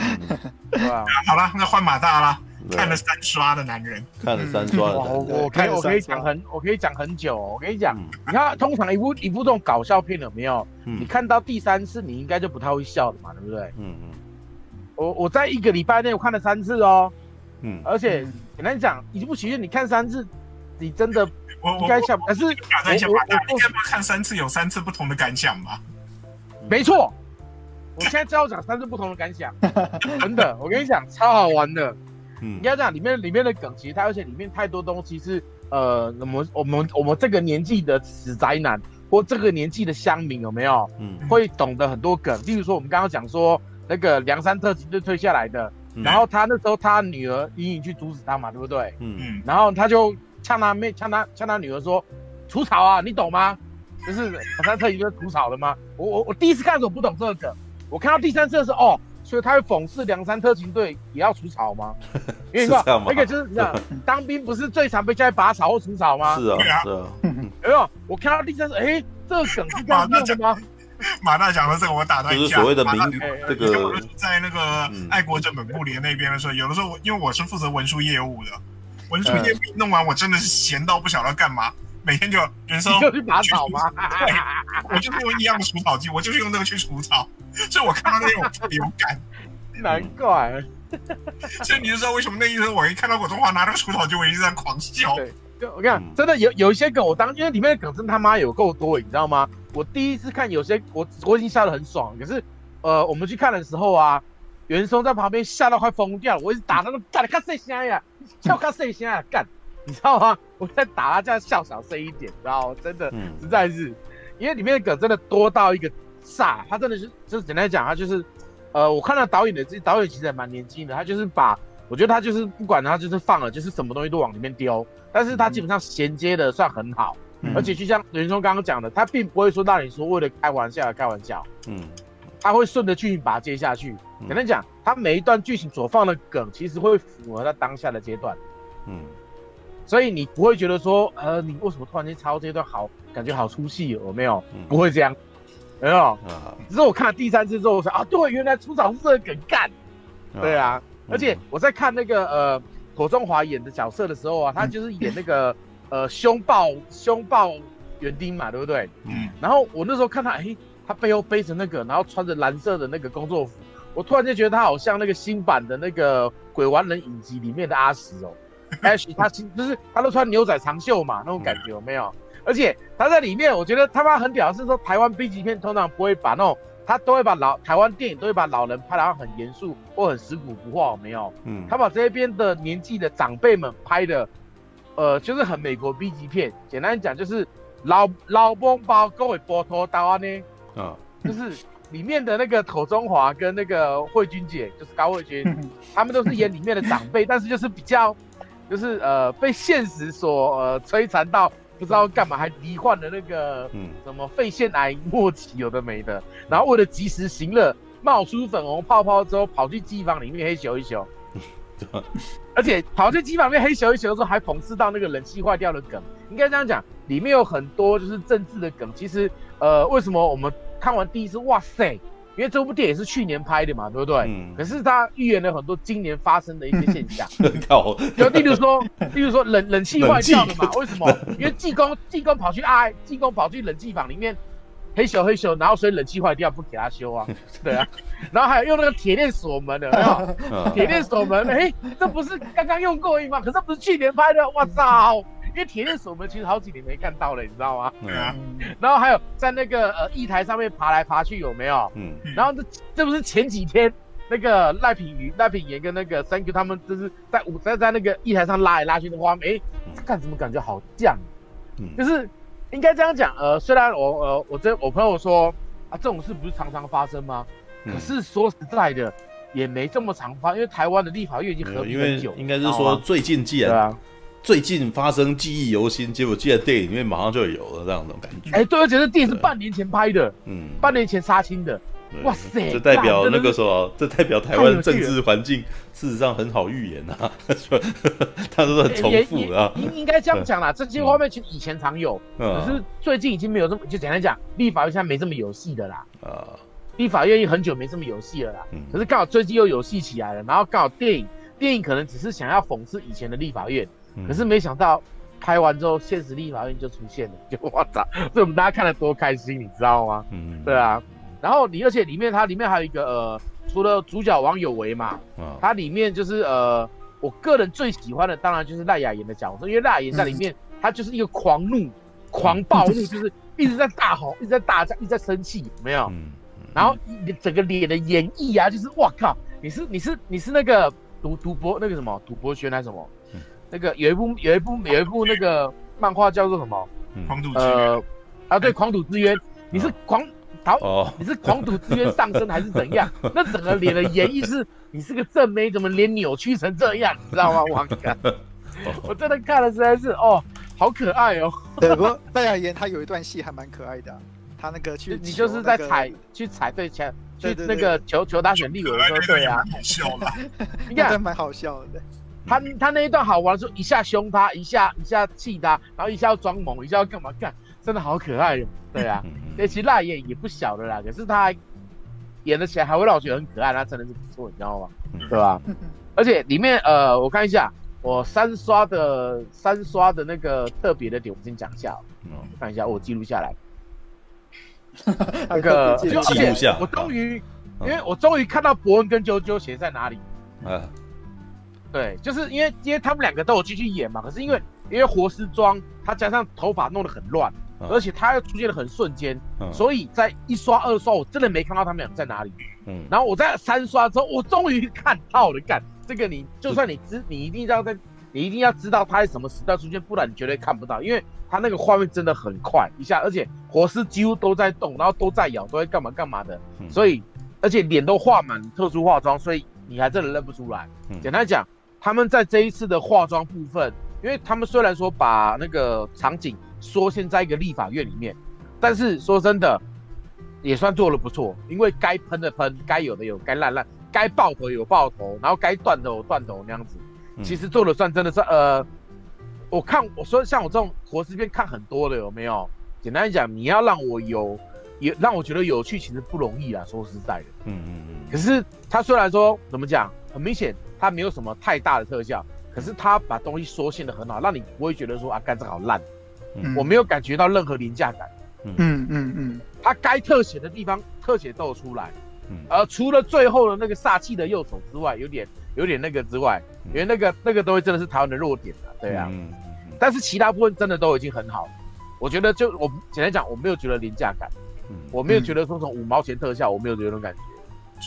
嗯、啊啊好了，那換馬大了。看了三刷的男人，看了三刷的我可以我可以講很，我可以講很久。我跟你講，你看通常一部一部這種搞笑片有沒有？你看到第三次你應該就不太會笑了嘛，對不對？嗯嗯。我我在一個禮拜內我看了三次哦，嗯，而且簡單講，一部喜劇你看三次，你真的應該笑，但是我我應該看三次有三次不同的感想吧？沒錯，我現在就要講三次不同的感想，真的，我跟你講超好玩的。你要這樣，裡面裡面的梗其實它，它而且裡面太多東西是，呃，我們我們我們這個年紀的死宅男或這個年紀的鄉民有沒有，嗯，會懂得很多梗。例如說，我們剛剛講說那個涼山特勤隊退下來的，然後他那時候他女兒隱隱去阻止他嘛，對不對？嗯，然後他就嗆他妹，嗆他嗆他女兒說：“出草啊，你懂嗎？就是涼山特勤隊出草了嗎？”我我我第一次看的時候不懂這個梗，我看到第三次的時候哦。所以他會諷刺涼山特勤隊也要除草嗎？因為一個，一就是你知道，啊、當兵不是最常被叫拔草或除草嗎？是啊，是啊。哎呦， 我看到地上是，哎、欸，這個梗是這樣的嗎馬？馬大講的這個，我打斷一下。就是所謂的名，這個在那個愛國者本部連那邊的時候，有的時候因為我是負責文書業務的，文書業務弄完，我真的是閒到不曉得要幹嘛。每天就袁松就去拔草嗎草？我就用一樣的除草劑，我就是用那個去除草， 所以我看到那種流感，難怪。嗯、所以你就知道為什麼那一天，我一看到普通話拿那個除草劑，我一直在狂笑。對，就我跟你講，真的有有一些梗，我當因為裡面的梗真的他媽有夠多，你知道嗎？嗯、我第一次看有些，我我已經嚇得很爽。可是，呃，我們去看的時候啊，袁松在旁邊嚇到快瘋掉了，我一直打他、那個， 打他、啊，卡細聲呀，叫卡細聲呀，幹。你知道嗎？我在打他，這樣笑小聲一點，你知道嗎？真的，嗯，實在是，因為裡面的梗真的多到一個炸，他真的是，就是簡單講，他就是，呃，我看到導演的這導演其實還蠻年輕的，他就是把，我覺得他就是不管他就是放了，就是什麼東西都往裡面丟，但是他基本上銜接的算很好，嗯、而且就像袁沖剛剛講的，他並不會說讓你說為了開玩笑而開玩笑，嗯，他會順着劇情把它接下去，嗯、簡單講，他每一段劇情所放的梗其實會符合他當下的階段，嗯。所以你不會覺得說，呃，你為什麼突然間抄這段好，感覺好出戲，有沒有？不會這樣，沒有。嗯、只是我看了第三次之後，我說啊，對，原來出場是這個梗幹。嗯、對啊，嗯、而且我在看那個呃，庹宗華演的角色的時候啊，他就是演那個、嗯、呃，凶暴凶暴園丁嘛，對不對？嗯。然後我那時候看他，哎、欸，他背後背着那個，然後穿着藍色的那個工作服，我突然間覺得他好像那個新版的那個《鬼玩人》影集裡面的阿石哦。但是他就是他都穿牛仔長袖嘛，那種感覺有沒有？嗯、而且他在裡面，我覺得他媽很屌，是說台灣 B 級片通常不會把那種，他都會把老台灣電影都會把老人拍的很嚴肅或很食古不化，有沒有？嗯，他把這邊的年紀的長輩們拍的，呃，就是很美國 B 級片。簡單講就是老老公包各位波拖刀呢，啊、嗯，就是裡面的那個庹宗華跟那個慧君姐，就是高慧君，嗯、他們都是演裡面的長輩， 但是就是比較。就是呃被現實所呃摧殘到不知道幹嘛還罹患的那個嗯什麼肺腺癌末期有的沒的，然後為了及時行樂冒出粉紅泡泡之後跑去機房裡面嘿咻一咻，對吧？而且跑去機房裡面嘿咻一咻的時候還諷刺到那個冷氣壞掉的梗，應該這樣講，裡面有很多就是政治的梗，其實呃為什麼我們看完第一次哇塞？因為這部電影是去年拍的嘛，對不對？嗯。可是它預言了很多今年發生的一些現象。 就例如說，例如說冷，冷冷氣壞掉了嘛？冷氣 為什麼？ 因為濟公，濟公跑去啊，濟公跑去冷氣房裡面嘿咻嘿咻，然後所以冷氣壞掉不給他修啊？對啊。然後還有用那個鐵鏈鎖門的，有沒有？鐵鏈鎖門，哎、欸，這不是剛剛用過而已嗎？可是這不是去年拍的？我操！因為鐵鏈鎖門，其實好幾年沒看到了，你知道嗎？嗯，然後還有在那個呃議台上面爬來爬去有沒有？嗯，然後這這不是前幾天那個賴品妤、賴品妤跟那個 3Q 他們就是在在在那個議台上拉來拉去的話，哎、欸，幹什麼感覺好犟？嗯，就是應該這樣講，呃，雖然我呃我這我朋友說啊，這種事不是常常發生嗎？嗯、可是說實在的，也沒這麼常發，因為台灣的立法院已經合很久，應該是說最近既然，對啊。最近發生，記憶猶新，結果記得電影因為馬上就有了這樣那種感覺。哎，對，而且這電影是半年前拍的，嗯，半年前殺青的，哇塞！這代表那個時候，這代表台灣政治環境事實上很好預言吶，他說很重複啊。應應該這樣講啦，這些畫面其實以前常有，可是最近已經沒有這麼，就簡單講，立法院現在沒這麼有戲的啦。啊，立法院很久沒這麼有戲了啦。可是剛好最近又有戲起來了，然後剛好電影電影可能只是想要諷刺以前的立法院。可是沒想到拍完之後，現實立法院就出現了，就我操！所以我們大家看得多開心，你知道嗎？嗯，對啊。然後你而且裡面它裡面還有一個呃，除了主角王有為嘛，嗯、哦，它裡面就是呃，我個人最喜歡的當然就是賴雅妍的角色，因為賴雅妍在裡面她 就是一個狂怒、狂暴怒，就是一直在大吼、一直在大戰，一直在生氣，有沒有？嗯，然後、嗯、你整個臉的演繹啊，就是我靠，你是你是你是那個賭賭博那個什麼賭博圈，還是什麼？那個有一部有一部有一部那個漫畫叫做什麼？狂賭之淵啊，對，狂賭之淵，你是狂逃，哦、你是狂賭之淵上身還是怎樣？ 那整個臉的演繹是，你是個正妹，怎麼臉扭曲成這樣？你知道嗎？王哥， 我真的看了實在是，哦，好可愛哦。不過戴雅妍他有一段戲還蠻可愛的，啊，他那個去，那個，就你就是在踩去踩對前去那個對對對，求求他選立委的時候，對呀，啊，好笑了，你看，蠻好笑的。 看他他那一段好玩。的時候，一下凶他，一下一下氣他，然後一下要裝萌，一下要幹嘛幹，真的好可愛哦。對啊， 其實辣眼也不小的啦，可是他演的起來還會讓我覺得很可愛，他真的是不錯，你知道嗎？ 對吧、啊？而且裡面呃，我看一下，我三刷的三刷的那個特別的點，我們先講一下，嗯、看一下我記錄下來，那個 記錄下，我終於，嗯、因為我終於看到博恩跟啾啾鞋在哪裡啊。嗯嗯對，就是因為因為他們兩個都有繼續演嘛，可是因為因為活屍妝，他加上頭髮弄得很亂，嗯、而且他又出現的很瞬間，嗯、所以在一刷二刷，我真的沒看到他們倆在哪裡。嗯，然後我在三刷之後，我終於看到了。幹，這個你就算你知，你一定要在你一定要知道他是什麼時段出現，不然你絕對看不到，因為他那個畫面真的很快一下，而且活屍幾乎都在動，然後都在咬，都在幹嘛幹嘛的，嗯、所以而且臉都畫滿特殊化妝，所以你還真的認不出來。嗯、簡單講。他們在這一次的化妝部分，因為他們雖然說把那個場景縮限在一個立法院裡面，但是說真的，也算做的不錯。因為該噴的噴，該有的有，該爛爛，該爆頭有爆頭，然後該斷頭斷頭那樣子，其實做的算真的是，嗯、呃，我看我說像我這種活屍片看很多的，有沒有？簡單一講，你要讓我有。也讓我覺得有趣，其實不容易啊。說實在的，嗯嗯嗯。嗯，可是他雖然說怎麼講，很明顯他沒有什麼太大的特效，嗯、可是他把東西縮限得很好，讓你不會覺得說啊，幹這好爛。嗯、我沒有感覺到任何廉價感。嗯嗯嗯。嗯嗯嗯，他該特寫的地方特寫都有出來。嗯。而、呃、除了最後的那個煞氣的右手之外，有點有點那個之外，嗯、因為那個那個東西真的是台灣的弱點啊。對啊。嗯嗯嗯嗯、但是其他部分真的都已經很好，我覺得就我簡單講，我沒有覺得廉價感。我沒有覺得說什麼五毛錢特效，我沒有這種感覺。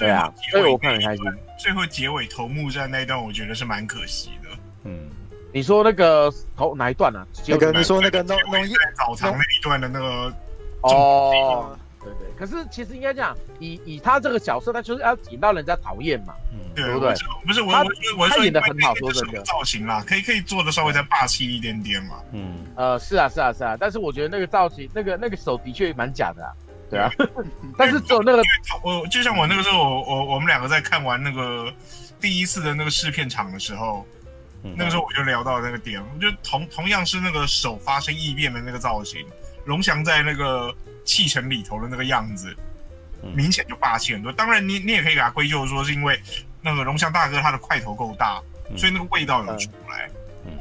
對啊，所以我看很開心。最後結尾頭目戰那一段，我覺得是蠻可惜的。嗯，你說那個頭哪一段啊？我跟你說那個農農業早餐那一段的那個。哦，對對。可是其實應該這樣，以以他這個角色，他就是要引到人家討厭嘛，對不對？不是，我我我演的很好，說這個造型啊，可以可以做的稍微再霸氣一點點嘛。嗯，呃，是啊是啊是啊，但是我覺得那個造型，那個那個手的確蠻假的。對啊， 但是只對有那個因為我，就像我那個時候，我我我們兩個在看完那個第一次的那個試片場的時候，那個時候我就聊到那個點，我就同同樣是那個手發生異變的那個造型，龍翔在那個棄城裡頭的那個樣子，嗯、明顯就霸氣很多。當然你，你你也可以給他歸咎說是因為那個龍翔大哥他的塊頭夠大，嗯、所以那個味道有出來。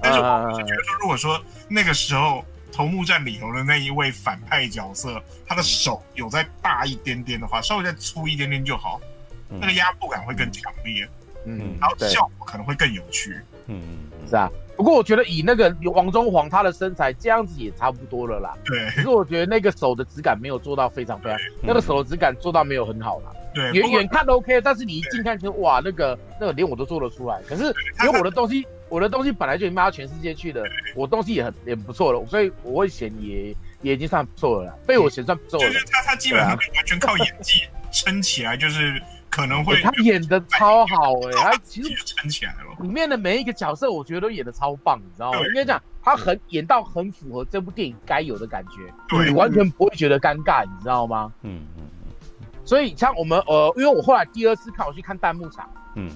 啊、但是我是覺得說，如果說那個時候。頭目戰裡頭的那一位反派角色，他的手有再大一點點的話，稍微再粗一點點就好，那個壓迫感會更強烈。嗯，然後效果可能會更有趣。嗯，是啊。不過我覺得以那個王中皇他的身材這樣子也差不多了啦。對。可是我覺得那個手的質感沒有做到非常非常，對那個手的質感做到沒有很好啦。對。遠遠遠看都 OK，但是你一近看就對哇，那個那個連我都做得出來，可是連我的東西。我的東西本來就已經賣到全世界去了，我東西也很，也不錯了，所以我會選也，也已經算不錯了啦，被我選算不錯了。他他基本上完全靠演技撐起來，就是可能會他演得超好哎，他其實撐起來了。裡面的每一個角色，我覺得都演得超棒，你知道嗎？應該講他很演到很符合這部電影該有的感覺，你完全不會覺得尷尬，你知道嗎？嗯嗯嗯。所以像我們呃，因為我後來第二次看，我去看彈幕場，嗯。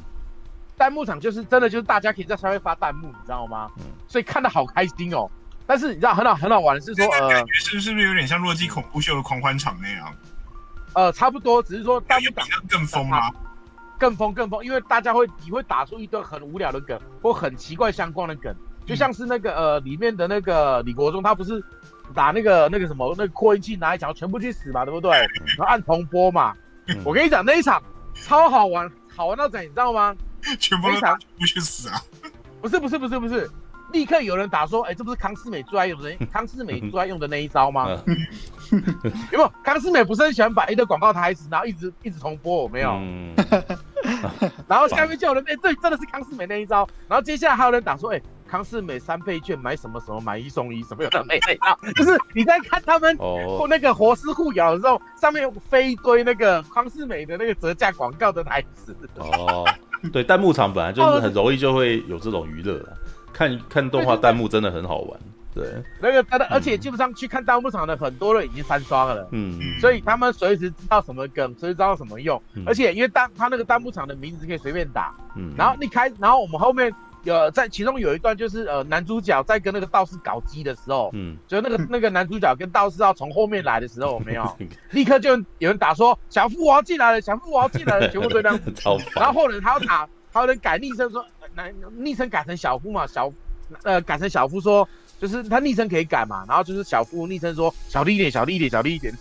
彈幕場就是真的，就是大家可以在上面發彈幕，你知道嗎？所以看得好開心哦。但是你知道很好很好玩的是說，呃，是不是有點像洛基恐怖秀的狂歡場那樣？呃，差不多，只是說彈幕場更瘋嗎？更瘋更瘋，因為大家會你會打出一段很無聊的梗，或很奇怪相關的梗，就像是那個呃裡面的那個李國忠，他不是打那個那個什麼那個擴音器拿一條全部去死嘛，對不對？然後按重播嘛。 我跟你講那一場超好玩，好玩到整，你知道嗎？全部都不去死啊！不是不是不是不是，立刻有人打說，哎、欸，這不是康是美最愛用的康是美最愛用的那一招嗎？為、嗯、 康是美不是很喜歡把一個廣告台詞，然後一直一直重播。我沒有。嗯、 然後下面就有人，哎、欸，對，真的是康是美那一招。然後接下來還有人打說，哎、欸，康是美三倍券買什麼什麼買一送一什麼有的沒、欸欸、就是你在看他們哦那個活屍互咬的時候，哦、上面飛一堆那個康是美的那個折價廣告的台詞哦。 對，彈幕場本來就是很容易就會有這種娛樂， 看看動畫彈幕真的很好玩。對，沒有、那個，而且基本上去看彈幕場的很多人已經三刷了。嗯，所以他們隨時知道什麼梗，隨時知道什麼用。嗯、而且因為彈他那個彈幕場的名字可以隨便打，嗯，然後一開，然後我們後面。有在其中有一段就是呃男主角在跟那個道士搞基的時候，嗯，就那個那個男主角跟道士要從後面來的時候， 我沒有立刻就有人打說 小夫我要進來了，小夫我要進來了， 全部都這樣子。跑然後後人後來還要打，還有人改昵稱說，男昵稱改成小夫嘛，小呃改成小夫說。就是他昵稱可以改嘛，然後就是小夫昵稱說小力一點，小力一點，小力一點，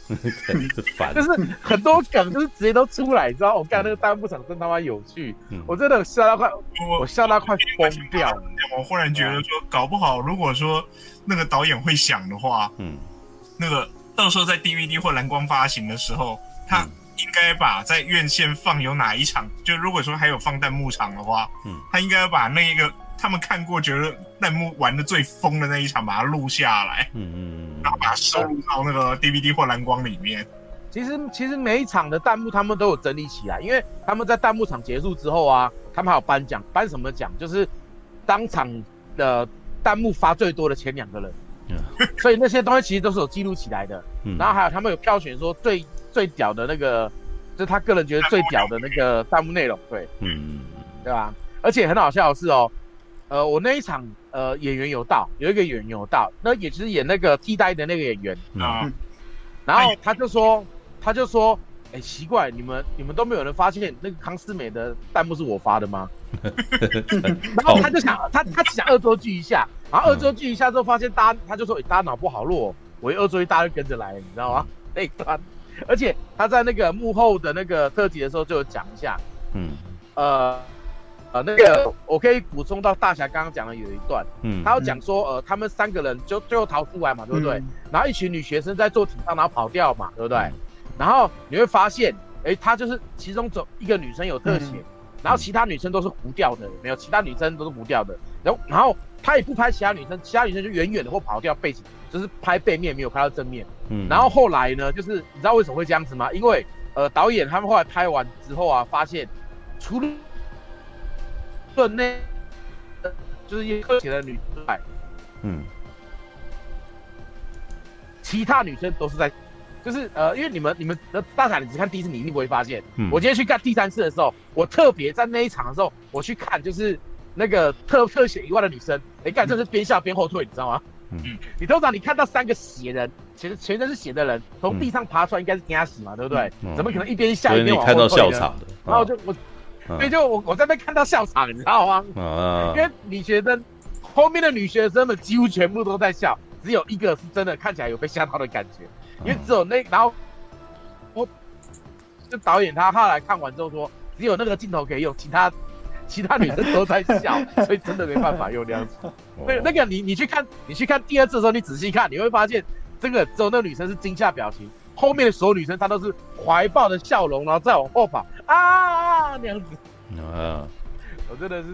就是很多梗就是直接都出來，你 知道我幹那個彈幕場真他媽有趣，嗯、我真的笑到快，果我笑到快瘋掉。我,我忽然覺得說，嗯、搞不好如果說那個導演會想的話，嗯，那個到時候在 DVD 或藍光發行的時候，他應該把在院線放有哪一場，就如果說還有放彈幕場的話，嗯，他應該把那一個。他們看過，覺得彈幕玩得最瘋的那一場，把它錄下來，嗯然後把它收錄到那個 DVD 或藍光裡面。其實，其實每一場的彈幕他們都有整理起來，因為他們在彈幕場結束之後啊，他們還有頒獎，頒什麼獎？就是當場的彈幕發最多的前兩個人，Yeah. 所以那些東西其實都是有記錄起來的。 然後還有他們有票選說最最屌的那個，就他個人覺得最屌的那個彈幕內容，對，嗯嗯嗯，對吧？而且很好笑的是哦。呃，我那一場，呃，演員有到，有一個演員有到，那也是演那個替代的那個演員啊。Oh. 然後他就說，他就說，哎，奇怪，你們你們都沒有人發現那個康思美的彈幕是我發的嗎？ 然後他就想，oh. 他他想惡作劇一下，然後惡作劇一下之後，發現大他就說，大腦不好弱，我一惡作劇，大家就跟着來，你知道嗎？哎、嗯，而且他在那個幕後的那個特輯的時候就有講一下，嗯，呃。呃，那個我可以補充到大俠剛剛講的有一段，嗯，他有講說，呃，他們三個人就最後逃出來嘛，對不對？嗯、然後一群女學生在做體操，然後跑掉嘛，對不對？嗯、然後你會發現，哎、欸，他就是其中走一個女生有特寫，嗯、然後其他女生都是糊掉的，沒有其他女生都是糊掉的。然後，然後他也不拍其他女生，其他女生就遠遠的或跑掉，背景就是拍背面，沒有拍到正面。嗯，然後後來呢，就是你知道為什麼會這樣子嗎？因為呃，導演他們後來拍完之後啊，發現除了就那，就是一特寫的女生，嗯、其他女生都是在，就是呃，因為你們你們的大彩，你只看第一次，你一定不會發現。嗯、我今天去看第三次的時候，我特別在那一場的時候，我去看就是那個特特寫以外的女生，你幹這是邊笑邊後退，你知道嗎？嗯，嗯，你通常你看到三個血人，全全身是血的人從地上爬出來，應該是壓死嘛，對不對？嗯嗯、怎麼可能一邊笑一邊，所以看到笑場，然後我就我。哦嗯、所以就我我在那看到笑場，你知道嗎？嗯、因為女學生後面的女學生們幾乎全部都在笑，只有一個是真的看起來有被嚇到的感覺。嗯、因為只有那然後我就導演他後來看完之後說，只有那個鏡頭可以用，其他其他女生都在笑， 所以真的沒辦法用那樣子。 那個你你去看你去看第二次的時候，你仔細看，你會發現這個只有那個女生是驚嚇表情。後面的所有女生，她都是懷抱的笑容，然後再往後跑啊，那樣子啊！Uh uh. 我真的是，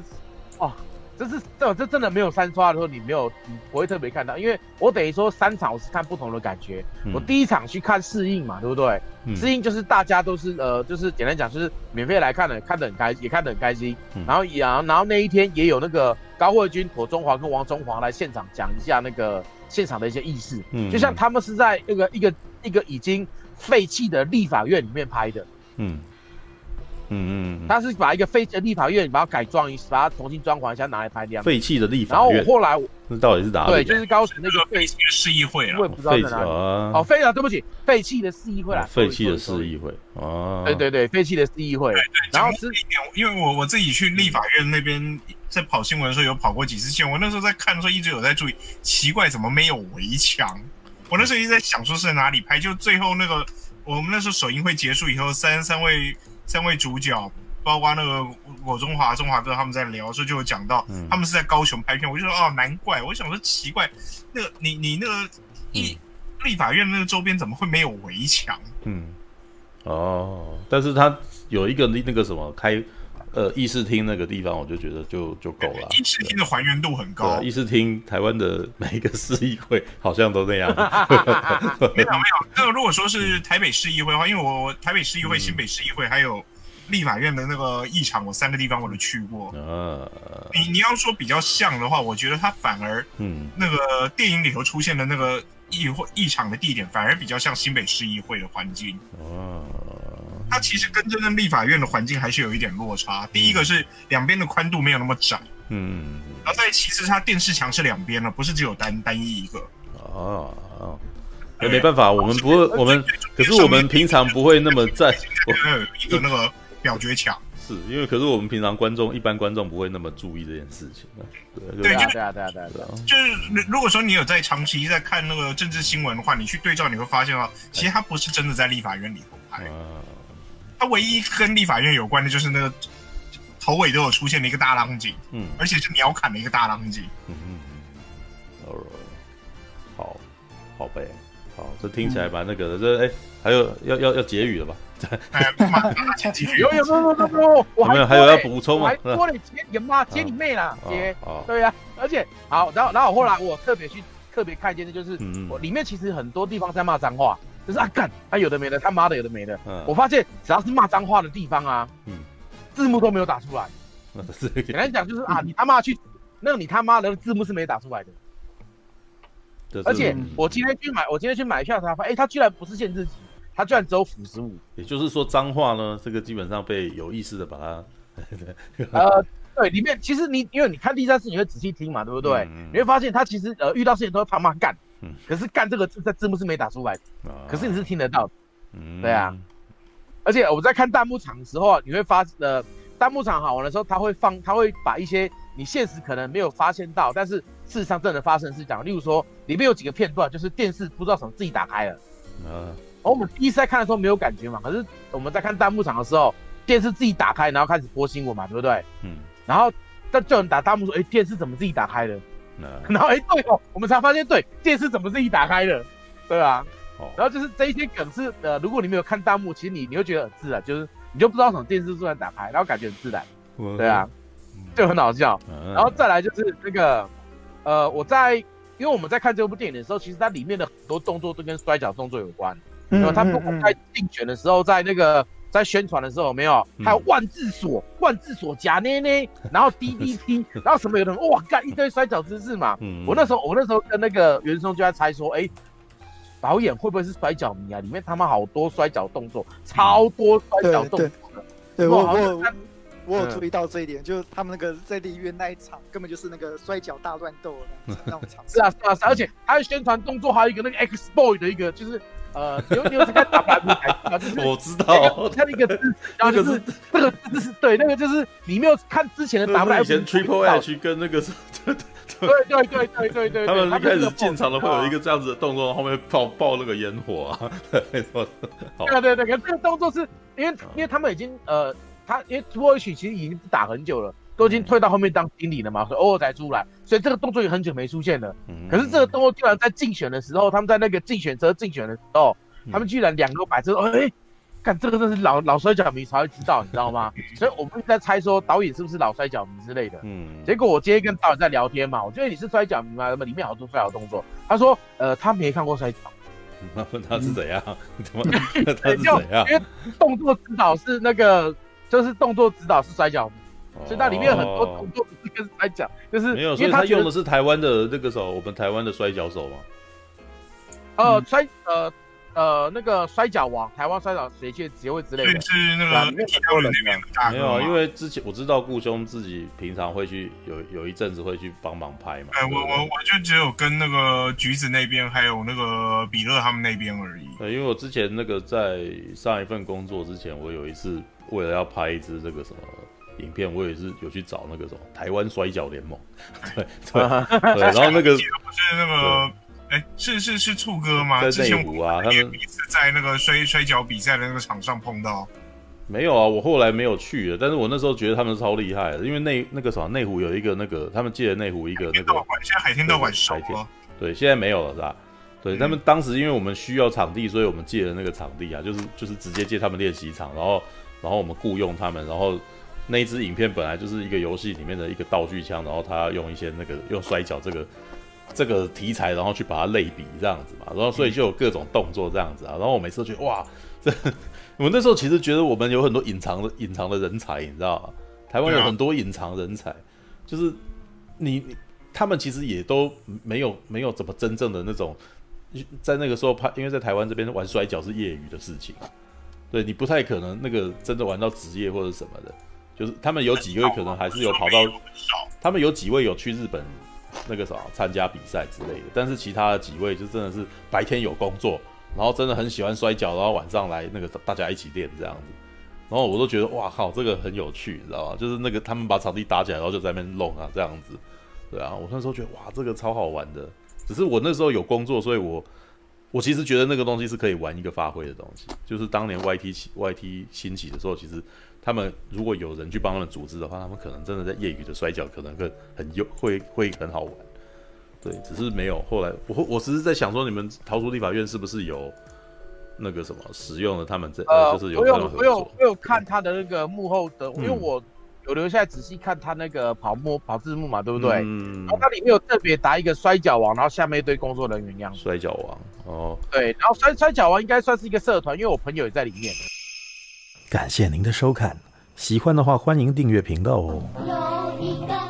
哦、啊，這是這這真的沒有三刷的時候，你沒有你不會特別看到，因為我等於說三場我是看不同的感覺。嗯、我第一場去看試映嘛，對不對？試映、嗯、就是大家都是呃，就是簡單講，就是免費來看的，看的很開，也看的很開心。開心，嗯、然後也然後那一天也有那個高慧君、托中華跟王中華來現場講一下那個現場的一些意思，嗯、就像他們是在那個一個，一個一個已經廢棄的立法院裡面拍的，嗯嗯嗯，他、嗯嗯、是把一個廢呃立法院把它改裝一，把它重新裝潢一下拿來拍的啊。廢棄的立法院。然後我後來我那到底是哪裡、啊？對，就是高雄那個廢棄的市議會，我也不知道啊。廢棄啊！哦，廢棄、啊，對不起，廢棄的市議會。廢棄的市議會。哦，對對對，廢棄的市議會。對對。然後這裡面，因為我我自己去立法院那邊在跑新聞的時候，有跑過幾次線。我那時候在看的時候，一直有在注意，奇怪，怎麼沒有圍牆？我那時候一直在想，說是在哪裡拍？就最後那個，我們那時候首映會結束以後，三三位三位主角，包括那個我中華、中華哥他們在聊的時候，就有講到，他們是在高雄拍片。我就說，哦，難怪！我想說，奇怪，那個你你那個立立法院那個周邊怎麼會沒有圍牆？嗯，哦，但是他有一個那個什麼開。呃，議事廳那個地方，我就覺得就就夠了，啊。議事廳的還原度很高。對，議事廳，台灣的每一個市議會好像都那樣。 沒有沒有。那如果說是台北市議會的話，嗯、因為我台北市議會、新北市議會，還有立法院的那個議場，嗯、我三個地方我都去過。呃、嗯，你你要說比較像的話，我覺得它反而，嗯，那個電影裡頭出現的那個議會議場的地點，反而比較像新北市議會的環境。哦、嗯。嗯它其實跟真正立法院的環境還是有一點落差。第一個是兩邊的寬度沒有那麼窄，嗯，然後再其次，它電視牆是兩邊的，不是只有單單一一個。哦也沒辦法，我們不會，我們可是我們平常不會那麼在，我們有一個那個表決牆，是因為可是我們平常觀眾一般觀眾不會那麼注意這件事情啊。對對對對對，就是如果說你有在長期在看那個政治新聞的話，你去對照你會發現到，其實它不是真的在立法院裡頭拍。他唯一跟立法院有關的就是那個頭尾都有出現的一個大浪井，嗯，而且是秒砍的一個大浪井。嗯嗯好了，right. 好，好唄，好，這聽起來蠻那個的，嗯、這哎、欸，還有要要要結語了吧？嗯、 結幾 有有沒有，有,沒有還有、欸、要補充嗎、啊、結你媽，你妹啦！結，啊啊、對呀、啊，而且好，然後然後後來我特別去、嗯、特別看，就是、嗯、我裡面其實很多地方在罵髒話。就是啊幹，他、啊、有的沒的，他媽的有的沒的。嗯、我發現只要是罵髒話的地方啊，嗯、字幕都沒有打出來。簡單講就是啊，你他媽去， 那你他媽的字幕是沒打出來的。是而且我今天去買，我今天去買票才發現，哎、欸，他居然不是限制級，他居然只有輔十五。也就是說髒話呢，這個基本上被有意識的把它。 呃，對，裡面其實你因為你看第三次你會仔細聽嘛，對不對？嗯嗯你會發現他其實呃遇到事情都會他媽干。可是幹這個字在字幕是沒打出來的，啊、可是你是聽得到的，對啊。嗯、而且我們在看彈幕場的時候，啊，你會發呃，彈幕場好玩的時候，他會放，他會把一些你現實可能沒有發現到，但是事實上真的發生是講，例如說裡面有幾個片段，就是電視不知道怎麼自己打開了，而、啊、我們第一次在看的時候沒有感覺嘛，可是我們在看彈幕場的時候，電視自己打開，然後開始播新聞嘛，對不對？嗯，然後但就有人打彈幕說，哎、欸，電視怎麼自己打開的？」 然後哎、欸，對哦，我們才發現，對電視怎麼是一打開的。對啊，然後就是這一些梗是呃，如果你沒有看彈幕，其實你你會覺得很自然，就是你就不知道什麼電視突然打開，然後感覺很自然，對啊，就很好笑。然後再來就是那個呃，我在因為我們在看這部電影的時候，其實它裡面的很多動作都跟摔角動作有關，然後他們公開競選的時候，在那個。在宣傳的時候有沒有，還有萬字鎖、嗯、萬字鎖夾捏捏，然後 DDT， 然後什麼有人哇幹一堆摔角姿勢嘛。嗯、我那時候，我那時候跟那個袁松就在猜說，哎、欸，導演會不會是摔角迷啊？裡面他們好多摔角動作，超多摔角動作的。對，我我我，我有注意到這一點，對就是他們那個在立院那一場，根本就是那個摔角大亂鬥那種場面、 啊。是啊是啊，嗯、而且他宣傳動作還有一個那個 X Boy 的一個，就是。 呃，牛牛這個打板舞我知道，他那、欸就是、個字，然後就是這 個字、就是對，那個就是你沒有看之前的打板舞以前 Triple H 跟那個對對對對對對， 他們一開始進場的會有一個這樣子的動作，後面爆爆那個煙火啊，對沒錯，對對對，可能這個動作是因為因為他們已經呃，他因為 Triple H 其實已經打很久了。都已經退到後面當經理了嘛，所以偶爾才出來，所以這個動作也很久沒出現了。嗯、可是這個動作居然在競選的時候，他們在那個競選車競選的時候，嗯、他們居然兩個擺着，哎、欸，看這個真的是老老摔角迷才會知道，你知道嗎？ 所以我們在猜說導演是不是老摔角迷之類的。嗯，結果我今天跟導演在聊天嘛，我覺得你是摔角迷嘛，那麼裡面好多摔角的動作。他說，呃，他沒看過摔角，他不知道是怎樣，嗯、怎麼他是怎樣 就？因為動作指導是那個，就是動作指導是摔角迷。所以那裡面很多作，我都是跟他就是沒有，因為，因為他，所以他用的是台灣的那個手，我們台灣的摔角手嘛。哦、呃，嗯、摔呃呃那個摔角王，台灣摔角誰去誰會之類的。對，是那個對、啊。那沒有，因為之前我知道顧兄自己平常會去有有一陣子會去幫忙拍嘛。哎、欸，我我我就只有跟那個橘子那邊，還有那個比勒他們那邊而已。對，因為我之前那個在上一份工作之前，我有一次為了要拍一支這個什麼。影片我也是有去找那個什麼台灣摔角聯盟，對對、啊、 對，然後那個不是那個哎，是是是醋哥嗎？在內湖啊，他們一直在那個摔摔角比賽的那個場上碰到。沒有啊，我後來沒有去了，但是我那時候覺得他們超厲害的，因為那那個什麼內湖有一個那個他們借了內湖一個那個。海天道館現在海天，道館收了，海天對，現在沒有了是吧？對，他們當時因為我們需要場地，所以我們借了那個場地啊，就是就是直接借他們練習場，然後然後我們僱傭他們，然後。那一支影片本來就是一個遊戲裡面的一個道具槍，然後他用一些那個用摔角這個這個題材，然後去把它類比這樣子嘛，然後所以就有各種動作這樣子啊，然後我每次都覺得哇，這我那時候其實覺得我們有很多隱藏的隱藏的人才，你知道嗎？台灣有很多隱藏人才，就是你他們其實也都沒有沒有怎麼真正的那種在那個時候拍，因為在台灣這邊玩摔角是業餘的事情，對，你不太可能那個真的玩到職業或者什麼的。就是他們有幾位可能還是有跑到，他們有幾位有去日本那個什麼參加比賽之類的，但是其他的幾位就真的是白天有工作，然後真的很喜歡摔跤，然後晚上來那個大家一起練這樣子，然後我都覺得哇靠，這個很有趣，你知道吧？就是那個他們把場地搭起來，然後就在那邊弄啊這樣子，對啊，我那時候覺得哇，這個超好玩的，只是我那時候有工作，所以我。我其實覺得那個東西是可以玩一個發揮的東西，就是當年 YT 起 YT 興起的時候，其實他們如果有人去幫他們組織的話，他們可能真的在業餘的摔角可能會很優，會會很好玩。對，只是沒有後來，我我只是在想說，你們逃出立法院是不是有那個什麼使用了他們這？呃，就是有、呃、我有我有,我有看他的那個幕後的，嗯、因為我。我留下來仔細看他那個跑步跑字幕嘛，對不對？嗯。然後它裡面有特別打一個摔角王，然後下面一堆工作人員一樣摔角王哦，對。然後摔摔角王應該算是一個社團，因為我朋友也在裡面。感謝您的收看，喜歡的話歡迎訂閱頻道哦。